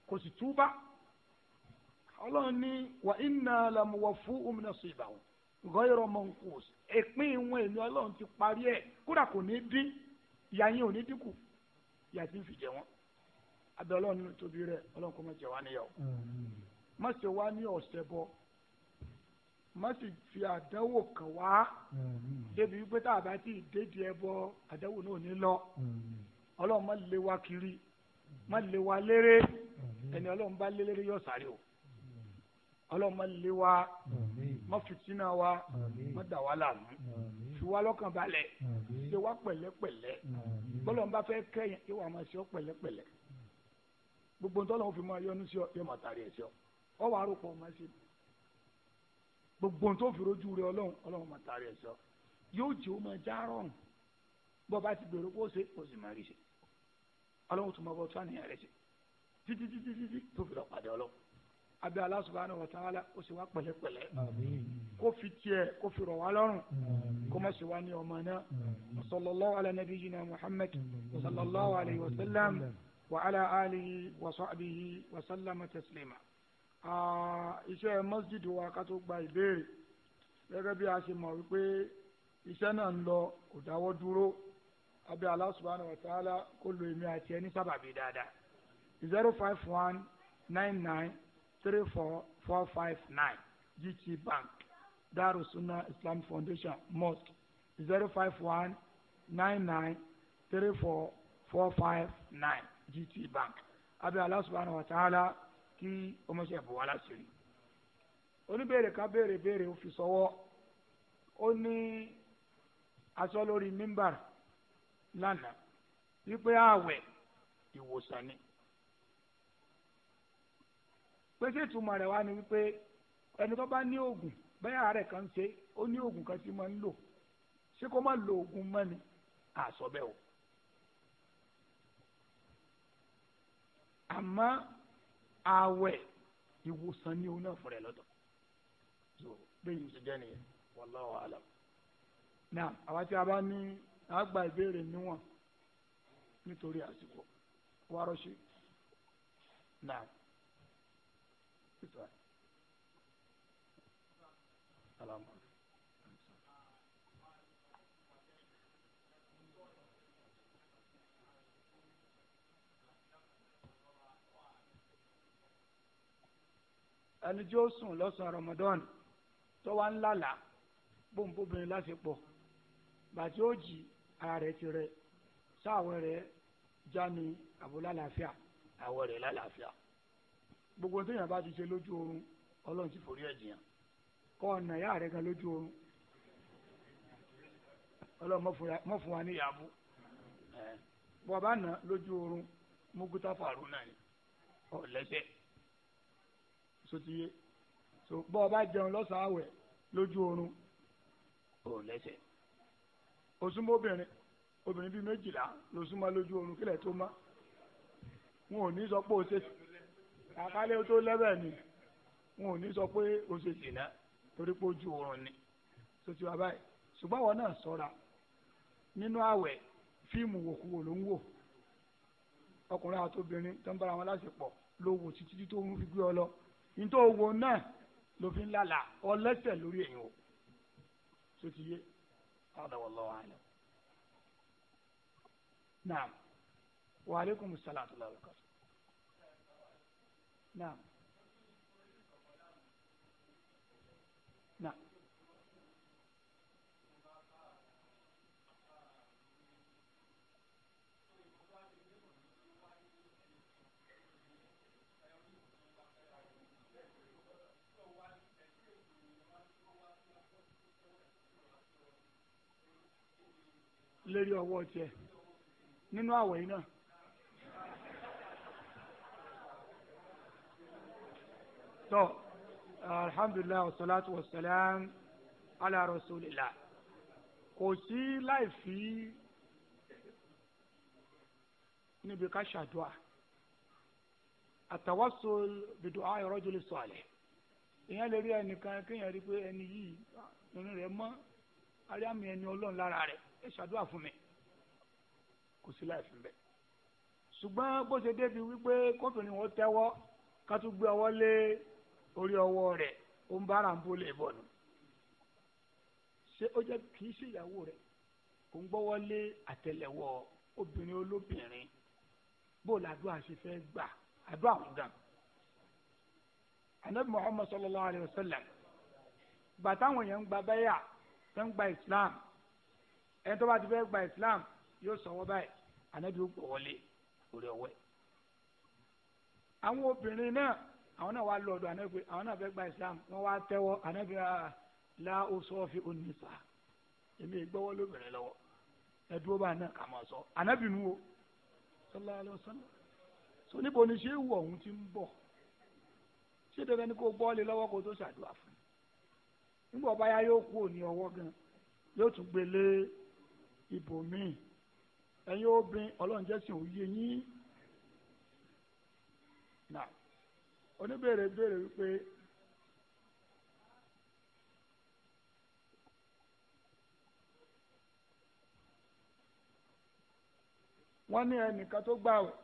kò sì túbá ọlọ́run ní wà iná làmúwọ̀ fún òmìnira sọ ìbàwọ̀ gọ́yọ̀rọ̀ mọ̀nkùs ìpín ìwọ̀n èmi ọlọ́run ti parí ẹ̀ kódà kò ní dín ìyá yín ò ní dínkù bí a ti ń fi jẹ wọn abẹ Ọlọ́run nínú tóbi rẹ̀ Ọlọ́run kò má jẹ wá níyàwó má ṣe wá ní ọ̀sẹ̀ bọ má sì fi àdánwò kàn wá débi wípé tá a bá ti dédi ẹ bọ àdánwò náà ní lọ Ọlọ́run má lé wa kiri má lé wa léré ẹni Ọlọ́run bá lé léré yóò sáré o Ọlọ́run má lé wa má fìtínà wa má dà wá láàmú fi wá lọ́kàn balẹ̀ ṣe wá pẹ̀lẹ́pẹ̀lẹ́ bọ́lọ̀ ń bá fẹ́ kẹ́yìn yóò wá máa ṣe ọ́ pẹ̀lẹ́pẹ̀lẹ́ gbogbo ntọ́lọ́ fi máa yọnu sí ọ yóò máa tàrí ẹ̀ sí ọ ọ wàá rò pọ̀ ọ máa ṣe gbogbo ntọ́ fi rojú rẹ ọlọ́run ọlọ́run máa tàrí ẹ̀ sí ọ yóò jẹ́ ó máa já rọrùn bọ́ ti gbèrò kó ṣe kó sì máa rí ṣe ọlọ́run tún máa bọ́ tó àníyàn rẹ̀ ṣe títí títí tó fi lọ pàdé ọlọ́run abẹ́ Allah subhanahu wa ta'ala ó sì wá pẹ̀lẹ́pẹ̀lẹ́ kó fi tiẹ̀ kó fi rọ̀ wá lọ́rùn kó má sì wá ní ọmọ náà sallallahu ala nabiyyina muhammad sallallahu alayhi wa sallam wa ala alihi wa sahbihi wa sallama taslima. iṣẹ́ masjid wa ká tó gba ìbéèrè gẹ́gẹ́ bí a ṣe mọ̀ wípé iṣẹ́ náà ń lọ kò dáwọ́ dúró abẹ́ Allah wa ta'ala kó lo èmi àti ẹni sábàbí dáadáa zero five one nine nine three four four five nine GT Bank Darussunnah Islam Foundation Mosque zero five one nine nine three four four five nine GT Bank abẹ́ Allah subhanahu wa ta'ala kí ọmọọṣẹ́ bọ̀ wá láṣìírí. oníbèrè ká béèrè béèrè ó fi sọwọ́ ó ní aṣọ lórí mímbàr lánàá wípé ààwẹ̀ ìwòsàn ni. pé ṣé ìtumọ̀ rẹ̀ wá ni wípé ẹni tó bá ní oògùn bẹ́ẹ̀ kan ṣe ó ní oògùn kan máa ń lò ṣé kó má lo oògùn mọ́ ni àṣọ bẹ́ẹ̀ o. àmọ́ àwẹ̀ ìwòsàn ni òun fún so bẹ́ẹ̀ yìí jẹ́ nìyẹn wallahu alam. náà àwa tí a bá ní àgbà ìbéèrè níwọ̀n nítorí àsìkò wàá ẹni tí ó sùn lọ́sàn-án Ramadan tó wá ń lálàá bóńbóbìnrin lásìkò bàtí ó jì ara rẹ̀ ti rẹ̀ sáwọ̀ rẹ̀ já ní àbúlá rẹ̀ lálàáfíà gbogbo téèyàn bá ti ṣe lójú oorun ọlọ́run ti forí ẹ̀ jìyàn kọ́ ọ̀nà ìyá rẹ̀ gan lójú oorun ọlọ́run mọ̀ fún wa ní ìyàbú bọ́ bá nà lójú oorun muguta faru náà ni ọ̀lẹ́sẹ̀ sotiye so bọ́ bá jẹun lọ́sàn-án àwẹ̀ lójú oorun ọ̀lẹ́sẹ̀ òsúnmọ́ obìnrin obìnrin bíi méjìlá ló súnmọ́ lójú oorun kílẹ̀ tó mọ́ wọn ò ní sọ pé ó ṣe sí àkálẹ́ tó lẹ́bẹ̀ ni wọn ò ní sọ pé o ṣe zina torí pé ojú oorun ni sotí wa báyìí ṣùgbọ́n àwọn náà sọ́ra nínú àwẹ̀ fíìmù wòkúwò ló ń wò ọkùnrin àtobìnrin tó ń bára wọn láṣepọ̀ ló wò títí tó ń fi gbé ọ lọ nítorí owó náà ló fi ń lálà ọlẹ́sẹ̀ lórí ẹ̀yìn o sotí yé ọ̀dọ̀wọ̀ lọ́wọ́ àná. naam wa aleykum salaatu wa نعم نعم lórí ọwọ́ tiẹ̀ nínú àwẹ̀ náà. tọ́ uh, alhamdulilayi wasalaatu wasalaam ala rasulillah kò sí láì fi níbi ká ṣàdúà àtàwọ́sọl bìdùá ìrọ́jòlè sọ̀lẹ̀ ìyẹn lè rí ẹnìkan kéèyàn rí pé ẹni yìí nínú rẹ̀ mọ́ aríàmì ẹni ọlọ́run lára rẹ̀ ẹ ṣàdúrà fún mi kò sí láì fún bẹ́ẹ̀. ṣùgbọ́n bó ṣe débi wípé kófìrín wọn tẹ́wọ́ ká tún gbé ọwọ́ lé orí ọwọ́ rẹ̀ ó ń bára ń bó lè bọ̀ nù ṣé ó jẹ́ kì í ṣe ìyàwó rẹ̀ kò ń gbọ́wọ́ lé àtẹ́lẹwọ́ obìnrin olóbìnrin bó làdúrà ṣe fẹ́ gbà àdúrà ń gàn. anabi muhammad sallallahu alayhi wa sallam bàtà àwọn èèyàn gba bẹ́yà fẹ́ ń gba islam ẹni tó bá ti fẹ́ gba islam yóò sọ̀wọ́ báyìí anabi ó àwọn náà wá lọ ọ̀dọ̀ ànábì àwọn náà fẹ́ gba islam wọ́n wá tẹ́wọ́ ànábì rárá la ó sọ fi onisa èmi ìgbọ́wọ́ lóbìnrin lọ́wọ́ ẹ̀dúró bá náà kà máa sọ ànábì nu o sallallahu alaihi wasallam so níbo ni ṣé wù ọ̀hún ti ń bọ̀ ṣé dandan ni kò bọ́ọ̀lì lọ́wọ́ kó tó ṣàdúrà fún un nígbà ọba ya yóò kú òní ọwọ́ gan yóò tún gbélé ibòmíì ẹ̀yin obìnrin ọlọ́run jẹ́sìn òye yín náà oníbèrè béèrè wípé wọ́n ní ẹnìkan tó gbààwẹ̀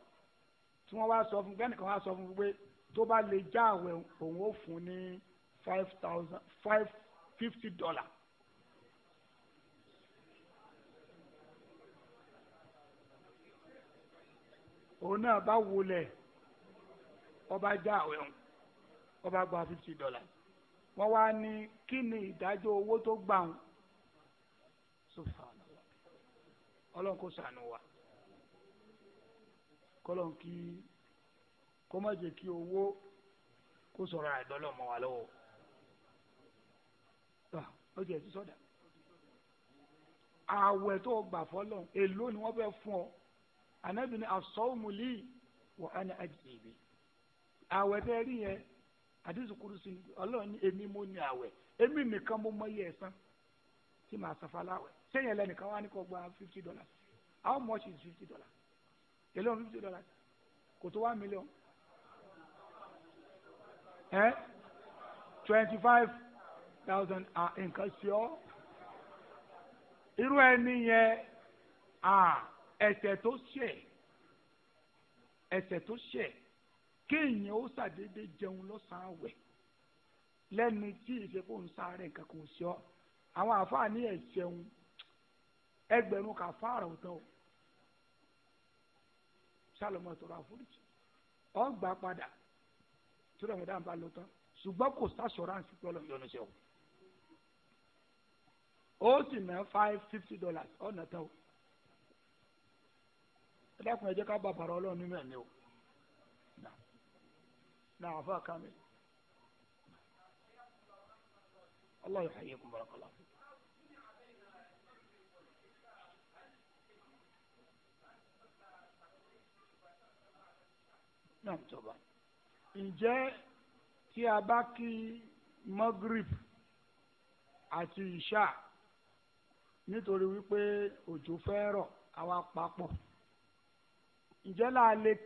tí wọ́n wá sọ fún gbẹ́nìkan wá sọ fún pé tó bá lè já àwẹ̀ òun ó fún ní five thousand five fifty dollar. òun náà bá wulẹ̀ ọba já àwẹ̀ hàn ọba gba fifty dollars wọ́n wá ní kí ni ìdájọ́ owó tó gbà hàn sọfàlà ọlọ́run kò sànù wa kọ́lọ́n kí kó má jẹ́ kí owó kó sọ̀rọ̀ àìdọ́lọ́ mọ́ wa lọ́wọ́ ó jẹ́ ti sọ́dà àwẹ̀ tó gbà fọ́lọ́n èló ni wọ́n fẹ́ fún ọ ànábì ni àsọ́ọ̀mùlì á ní àjèjì àwẹ̀ tẹ́ rí yẹn àdìsí kùrùsì ọlọ́run ní èmi mo ní àwẹ̀ èmi nìkan mo mọ iye ẹ̀san tí màá san faláwẹ̀ sẹ́yìn ẹlẹ́nìkan ní gba fifty dollars how much is fifty dollars èlò fifty dollars kò tó one million twenty five thousand nǹkan sí ọ irú ẹni yẹn ẹ̀ṣẹ̀ tó ṣẹ̀ tó kéèyàn ó ṣàdédé jẹun lọ́sàn-án àwẹ̀ lẹ́ni tí ìṣepò ń sáré nǹkan kò sí ọ àwọn àfáà ní ẹ̀ṣẹ̀un ẹgbẹ̀rún kà fáàrà òtán o sálọmọ tọrọ àforíjì ọgbà padà tí ọmọdé àwọn bá lọ tán ṣùgbọ́n kò sàṣọ́ránsì pé ọlọ́run ṣe o ó sì ná five fifty dollars ọ̀nà tán o ẹ dákun ẹ jẹ́ ká bàbàrà ọlọ́run nínú ẹ̀mí o náà كامل. الله يحييكم yóò الله. kun barakala. náà tọba ǹjẹ́ tí a bá kí magrib àti isha nítorí wípé òjò fẹ́ rọ̀ àwa papọ̀ ǹjẹ́ là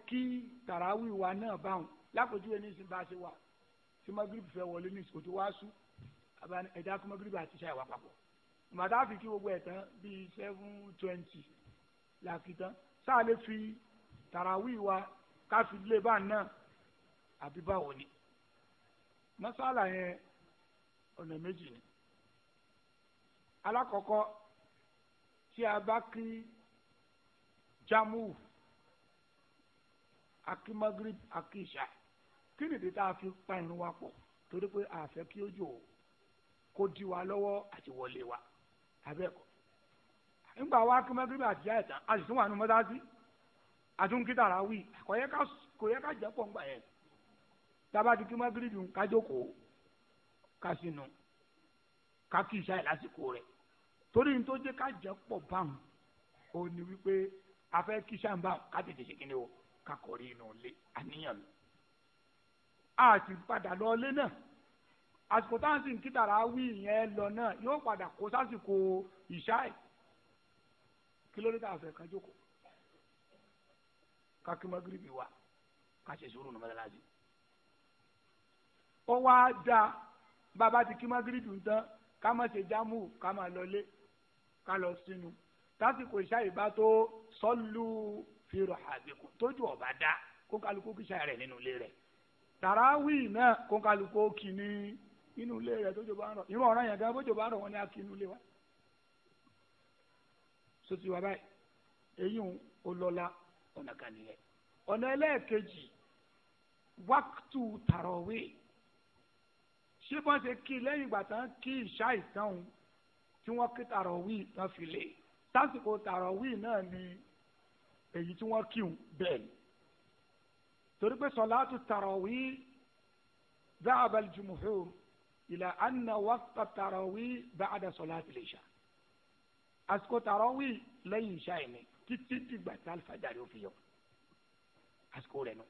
kí tàràwì wa náà báwọn lápòjúwe ní ìsìn bá wa. Si wà tí magrebi fẹ́ wọlé ní ìsìn kò tó wá sú ẹ̀dá kó magrebi àti ṣáà wà papọ̀ màdá fi kí gbogbo ẹ̀ tán bíi seven twenty làkìtàn sáà lè fi tàràwí wa ká fi lé bá náà àbí báwo ni masala yẹn ọ̀nà méjì ni alákọ̀ọ́kọ́ tí a bá kí jamu akí magrib akí ìṣá kí nìdí tá a fi pa irun wa pọ̀ torí pé a fẹ́ kí ojú o kó di wa lọ́wọ́ àti wọlé wa abẹ́ẹ̀kọ́ nígbà wa kí mẹ́gírìbì àti ìyá ìtàn a sì tún wà ní mọ́tàsí àtúnkítàrà wí kò yẹ ká jẹ́ pọ̀ ńgbà yẹn tába ti kí mẹ́gírìbì ń kájókòó ká sì ìṣá yìí lásìkò rẹ̀ torí ní tó jẹ́ ká jẹ́ pọ̀ báwọn ò wípé a fẹ́ kí ìṣá ń bá ká tètè ṣe kíni o ká kọ̀ rí inú ilé àníyàn mi a sì padà lọ ilé náà àsìkò táwọn sì ń kí tàràwí yẹn lọ náà yóò padà kó sásìkò ìṣáì kí ló dé tá a fẹ́ kan jókòó kákí magiribi wa ká ṣe sùúrù ní mọ́tàláṣí ó wá da bàbá ti kí magiribi ń tán ká má ṣe jámù ká má lọlé ká lọ sínú tásìkò ìṣáì bá tó sọ́lù fi rọ̀ tójú ọ̀bá dá kó kálukú kí ṣáà nínú ilé rẹ̀ tàràwì náà kó kálukú ó kì ní inú ilé rẹ tójò bá ń rọ ìrún ọ̀ràn yẹn gan bójò bá ń rọ wọn ni a kì inú ilé wa sotí wa báyìí eyín olọ́lá ọ̀nà kan nìyẹn ọ̀nà ẹlẹ́ẹ̀kejì wákàtú tàràwì ṣé bọ́n ṣe kí lẹ́yìn ìgbà tán kí ìṣá ìtàn tí wọ́n kí tàràwì tán fi lè tásìkò tàràwì náà ni èyí tí wọ́n kí bẹ́ẹ̀ ni torí pé sọláàtù tàràwí dáàbà jùmùhùr ìlà àna wàkà tàràwí bàdà sọláàtù lè ṣá àsìkò tàràwí lẹ́yìn ìṣá ẹ̀mí títí dìgbà tí alifájàre ò fi yọ àsìkò rẹ̀ nù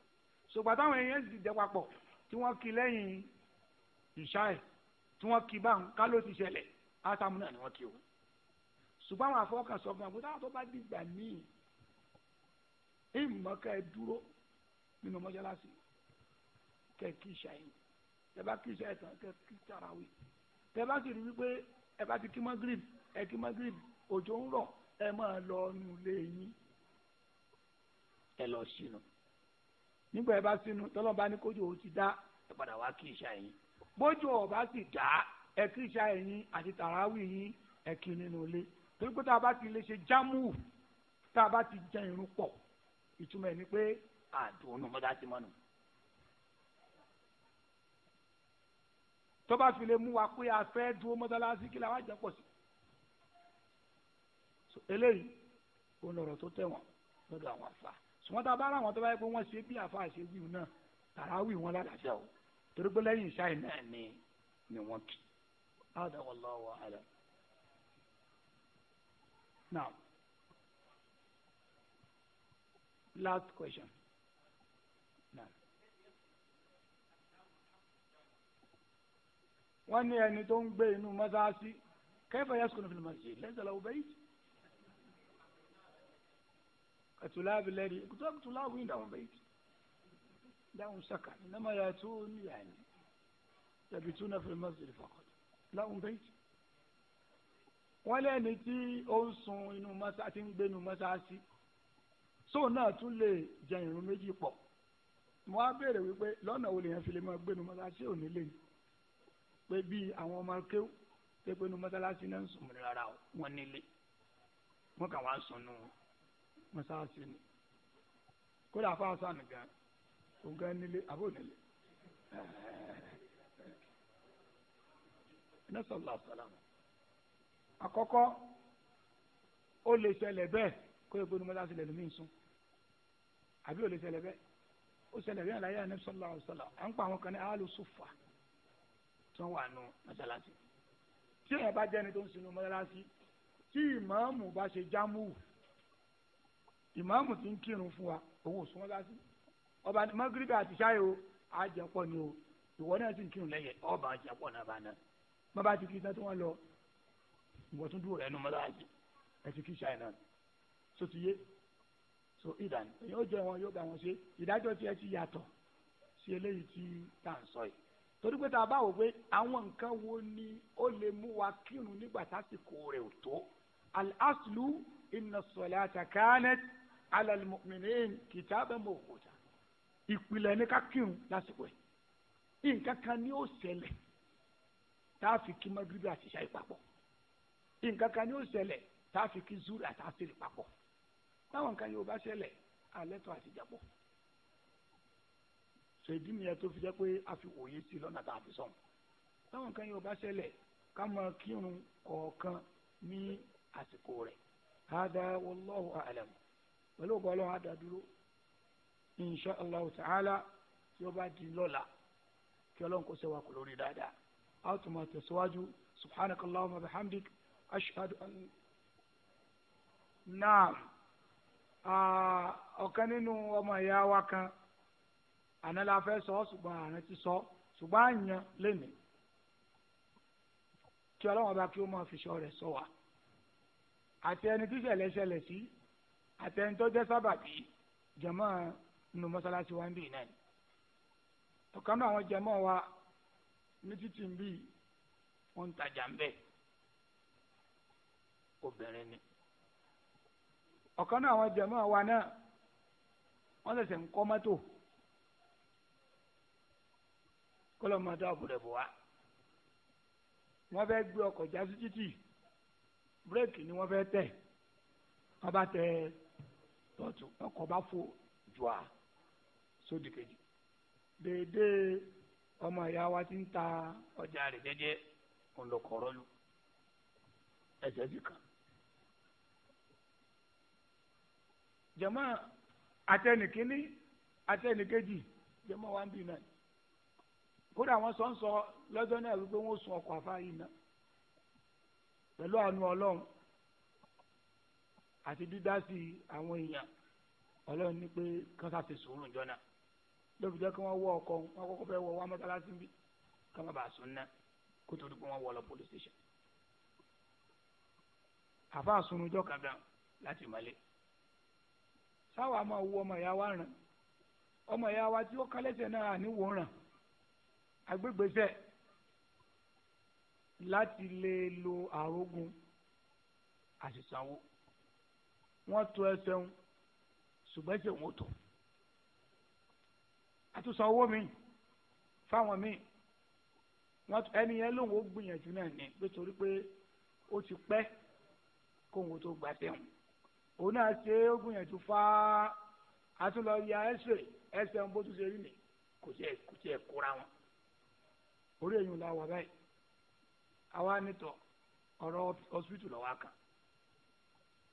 ṣùgbọ́n táwọn èèyàn ti dẹ́ papọ̀ tí wọ́n kí lẹ́yìn ìṣá ẹ̀ tí wọ́n kí báwọn kálọ́ ti ṣẹlẹ̀ ásámù náà ni wọ́n kí o ṣùgbọ́n àwọn afọwọ́kànṣọ́ fún wa kó táwọn tó bá dìgbà míì ìmọ̀ọ́kẹ́ dúró nínú mọ́ṣáláṣí kẹ́ kí ṣàyìn tẹ bá kí ṣàyìn tán kẹ́ kí tarawí tẹ bá sì rí wípé ẹ bá ti kí magrib ẹ kí magrib òjò ń rọ̀ ẹ máa lọ nù léyìn ẹ lọ sínú nígbà ẹ bá sínú tọ́lọ́ba ní kójú òun ti dá ẹ padà wá kí ṣàyìn bójú ọba sì dá ẹ kí ṣàyìn àti tarawí yín ẹ kí nínú ilé torí pé tá a bá ti lè ṣe jámù tá a bá ti jẹ irun pọ̀ ìtumọ̀ ẹ̀ ni pé àti òun mọ́tà sí mọ́nu. tó bá fi mú wa pé a fẹ́ dúró mọ́tàlásí kí la wá jẹ́ pọ̀ sí. eléyìí ó lọ̀rọ̀ tó tẹ̀wọ̀n lọ́dọ̀ àwọn afa ṣùgbọ́n tá a bá ara àwọn tó bá yẹ pé wọ́n ṣe bí àfa àṣejù náà tàràwì wọn lálàáfíà o torí pé lẹ́yìn ìṣáì náà ni ni wọ́n kì. هذا والله أعلم Now, last question. wọ́n ní ẹni tó ń gbé inú mọ́sáàsì kẹfà yẹn sọ̀rọ̀ fìlìmọ̀ sí lẹ́sẹ̀ lọ́wọ́ bẹ́ẹ̀ yìí kàtúlá abilẹ́rì kùtù kùtùlá wíìn dáhùn bẹ́ẹ̀ yìí dáhùn sàkà nàmà yà tó ní yàní tàbí tó náà fìlìmọ̀ sí fàkọ̀tù láwọn bẹ́ẹ̀ yìí wọ́n lẹ́ni tí ó ń sun inú mọ́sáàsì ń gbé inú mọ́sáàsì sóun náà tún lè jẹ ìrun méjì pọ̀ mo á béèrè wípé lọ́nà wo lèèyàn fi lè máa gbénu mọ́sáàsì òní lẹ́yìn pé bíi àwọn ọmọ kéwù pépé nu mọ́sálásí náà ń sùn rárá o wọ́n nílé wọ́n kà wá sùn nù mọ́sálásí ni kódà fáwọn sànù gan òun gan nílé àbò nílé nasala salam àkọ́kọ́ ó lè ṣẹlẹ̀ bẹ́ẹ̀ kó epo ni mọ́tà sílẹ̀ lómi sùn àbí ó o ṣẹlẹ̀ bẹ́ẹ̀ ó ṣẹlẹ̀ bẹ́ẹ̀ láyé àná sọlá ọ̀sọlá à ń pa àwọn kan ní alu sufa tí wọ́n wà nù mọ́sálásí tí èèyàn bá jẹ́ ẹni tó ń sinú mọ́sálásí tí ìmáàmù bá ṣe jámù ìmáàmù ti ń kírun fún wa owó sún mọ́sálásí ọba mọ́gíríbì àti ṣáyé o àjẹpọ̀ ni o ìwọ náà sì ń kírun lẹ́yìn ọba àjẹpọ̀ náà bá náà má bá ti kí iṣẹ́ tí wọ́n lọ ìwọ tún dúró rẹ̀ nù mọ́sálásí ẹ̀ ti kí ṣáyé náà so ti yé so ìdàn èyí ó jẹ wọn yóò bá wọn ṣe ìdájọ́ tiẹ̀ ti yàtọ̀ sí eléyìí tí tá à ń sọ yìí torí pé tá a bá wò pé àwọn nǹkan wo ni ó lè mú wa kírun nígbà tásìkò rẹ̀ ò tó al-aslu inna as-salata kanat ala al-mu'minin ìpìlẹ̀ ní ká kírun lásìkò ẹ̀ nǹkan kan ni ó ṣẹlẹ̀ tá a fi kí magrebi àti ṣáì nǹkan kan ni ó ṣẹlẹ̀ tá a fi kí zuri àti asiri papọ̀ táwọn nǹkan yóò bá ṣẹlẹ̀ alẹ́ tó àti jàpọ̀ sọ ìdí nìyẹn tó fi jẹ́ pé a fi wòye sí lọ́nà tá a fi sọ̀n táwọn kan yóò bá ṣẹlẹ̀ ká máa kírun kọ̀ọ̀kan ní àsìkò rẹ̀ hada wallahu a'lam pẹ̀lú ògbà ọlọ́run àdá dúró insha allah ta'ala tí ó bá di lọ́la kí ọlọ́run kó ṣẹ́wà kú lórí dáadáa a ó tún máa tẹ̀síwájú subhanakallahumma bihamdik ashhadu an naam ah, ọ̀kan nínú ọmọ ìyá wa kan àná la fẹ́ sọ ṣùgbọ́n àná ti sọ ṣùgbọ́n àyàn lẹ́nu kí ọlọ́wọ́n bá kí ó máa fi ṣọ́ rẹ̀ sọ wa àti ẹni tí ṣẹlẹ̀ ṣẹlẹ̀ sí àti ẹni tó jẹ́ sábàbí jẹ̀mọ́ nínú mọ́ṣáláṣí wa ń bì náà ni ọ̀kan náà àwọn jẹ̀mọ́ wa ní títì ń bì wọ́n ń tajà ń bẹ̀ obìnrin ni ọ̀kan náà àwọn jẹ̀mọ́ wa náà wọ́n ṣẹ̀ṣẹ̀ ń kọ́ mọ́tò. kọ́lọ́ máa dá ọkọ̀ rẹ̀ bọ̀ wá. wọ́n fẹ́ gbé ọkọ̀ já sí títì bírèkì ni wọ́n fẹ́ tẹ̀ wọ́n bá tẹ tọ̀tù ọkọ̀ bá fò jù à sódì déédéé ọmọ ìyá wa ti ń ta ọjà rẹ̀ jẹ́jẹ́ òun lọ kọ̀ọ̀rọ̀ lù kàn. jama atẹnikini atẹnikeji jama wa ń bì náà kódà wọn sọ ń sọ lọ́jọ́ náà wípé wọ́n sun ọkọ̀ àfáàyè náà pẹ̀lú àánú ọlọ́run àti dídásí àwọn èèyàn ọlọ́run ní pé kán sáfì sùúrù jọ́nà lóbi jẹ́ kí wọ́n wọ ọkọ̀ wọn kọ́kọ́ fẹ́ wọ wá mọ́tálásí bí kí wọ́n bá sùn náà kó tó di pé wọ lọ police station. àfáà sunujọ́ kankan láti mọ́lẹ̀ sáwà máa wú ọmọ ìyá wa ràn ọmọ ìyá wa tí ó kálẹ̀sẹ̀ náà àníwò ràn agbégbèsè láti lè lo àrógùn àṣìṣàwò wọ́n tó ẹsẹ̀ ń ṣùgbọ́n ẹsẹ̀ wọn tó àtúnṣe owó mi fáwọn míì wọ́n ẹni yẹn lòun ó gbìyànjú náà ní nítorí pé ó ti pẹ́ kóhun tó gbà sẹ́wọ̀n òun náà ṣe é gbìyànjú fá àtúnlọ ya ẹsẹ̀ ẹsẹ̀ ń bójú ṣe rí ni kò tiẹ̀ kò tiẹ̀ kóra wọn orí ẹ̀yìn la wà báyìí àwa nítọ̀ ọ̀rọ̀ hospital lọ́wọ́ kan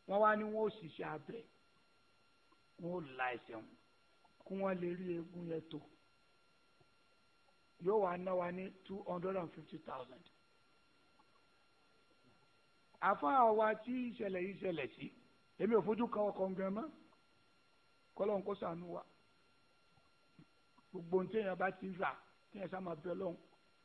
wọ́n wá ní wọ́n ṣiṣẹ́ abẹ wọ́n la ẹsẹ̀ wọn kí wọ́n lè rí eegun yẹn tó yóò wá ná wa ní two hundred and fifty thousand àfáà wa tí ìṣẹ̀lẹ̀ yìí ṣẹlẹ̀ sí èmi ò fojú kan ọkọ̀ ǹgbẹ́ mọ́ kọ́lọ́n kó ṣàánú wa gbogbo ohun téèyàn bá ti rà téèyàn sá máa bẹ lọ́hùn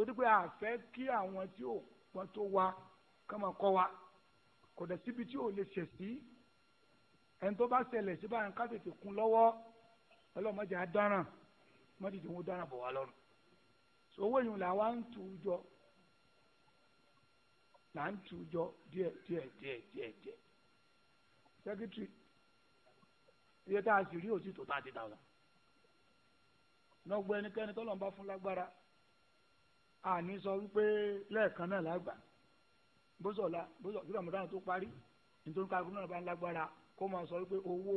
torí pé a fẹ́ kí àwọn tí ò pọ́n tó wa kọ́mọ kọ́ wa kò dẹ̀ síbi tí ò lè ṣẹ̀ sí ẹni tó bá ṣẹlẹ̀ sí báyìí ká tètè kún lọ́wọ́ ọlọ́mọdé adáràn mọ́tìtì wọn dáràn bọ̀ wá lọ́rùn owó yìí là wá ń tu jọ là ń tu jọ díẹ̀ díẹ̀ díẹ̀ díẹ̀ díẹ̀ sẹ́kítírì iye tá a sì rí òsì tó thirty thousand lọ́gbọ́ ẹnikẹ́ni tọ́lọ́mùbá fún lágbára àní sọ wípé lẹ́ẹ̀kan náà lágbà bóṣọ̀lá bóṣọ̀ kí ramadan tó parí nítorí káàkiri náà bá ń lágbára kó máa sọ wípé owó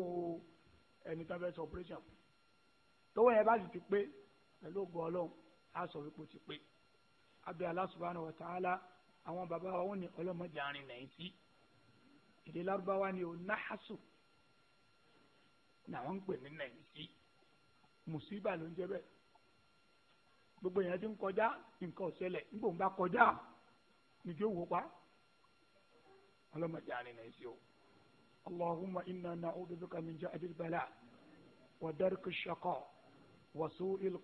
ẹni tán fẹ́ sọ operation fún tówó yẹn bá sì ti pé pẹ̀lú ògùn ọlọ́run á sọ wípé ó ti pé abẹ́ Allah subhanahu wa ta'ala àwọn bàbá wa wọ́n ní ọlọ́mọdé àárín lẹ́yìn tí èdè lárúbáwá ni ò náhásù làwọn ń pè ní lẹ́yìn tí mùsíbà ló ń jẹ́ bẹ́ẹ̀ gbogbo èèyàn ti ń kọjá nǹkan ọ̀sẹ̀lẹ̀ nígbà òun bá kọjá nìjó wò pa ọlọ́mọdé àrìnà ẹ̀sìn o allahumma inna na'udhu bika min ja'di al-bala wa darki ash-shaqa wa su'i al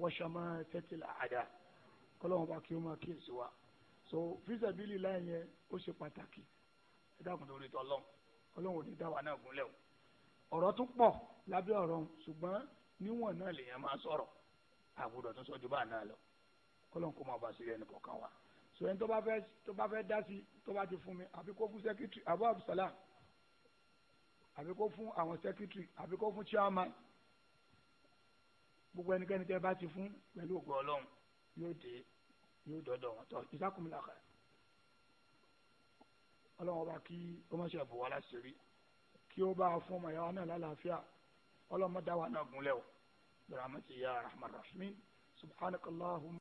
wa shamatati al-a'da kọ́lọ́wọ́n bá kí ó máa kí èsì wa so fisabili láì yẹn ó ṣe pàtàkì ẹ dákun tó rí tọ́lọ́n ọlọ́run ò ní dá wa náà gúnlẹ̀ o ọ̀rọ̀ tún pọ̀ lábẹ́ ọ̀rọ̀ ṣùgbọ́n níwọ̀n náà lèèyàn máa sọ̀rọ̀ àbúrò tó sọ́jú báà náà lọ kọ́lọ́n kó máa bá sí ẹnì kọ̀ọ̀kan wa so ẹni tó bá fẹ́ tó bá fẹ́ dá sí tó bá ti fún mi àbí kó fún sẹ́kítírì àbú abdulsalam àbí kó fún àwọn sẹ́kítírì àbí kó fún chairman gbogbo ẹnikẹ́ni tẹ́ bá ti fún pẹ̀lú ògbọ́ ọlọ́run yóò dé yóò dọ́dọ̀ wọn tọ́ ìsákùnmílàkà ọlọ́run ọba kí ó má ṣe àbùwá láṣìírí kí ó bá fún ọmọ ìyá wa náà lálàáfíà ọlọ́run má dá wa náà gúnlẹ̀ o. برحمتك يا أرحم الراحمين سبحانك اللهم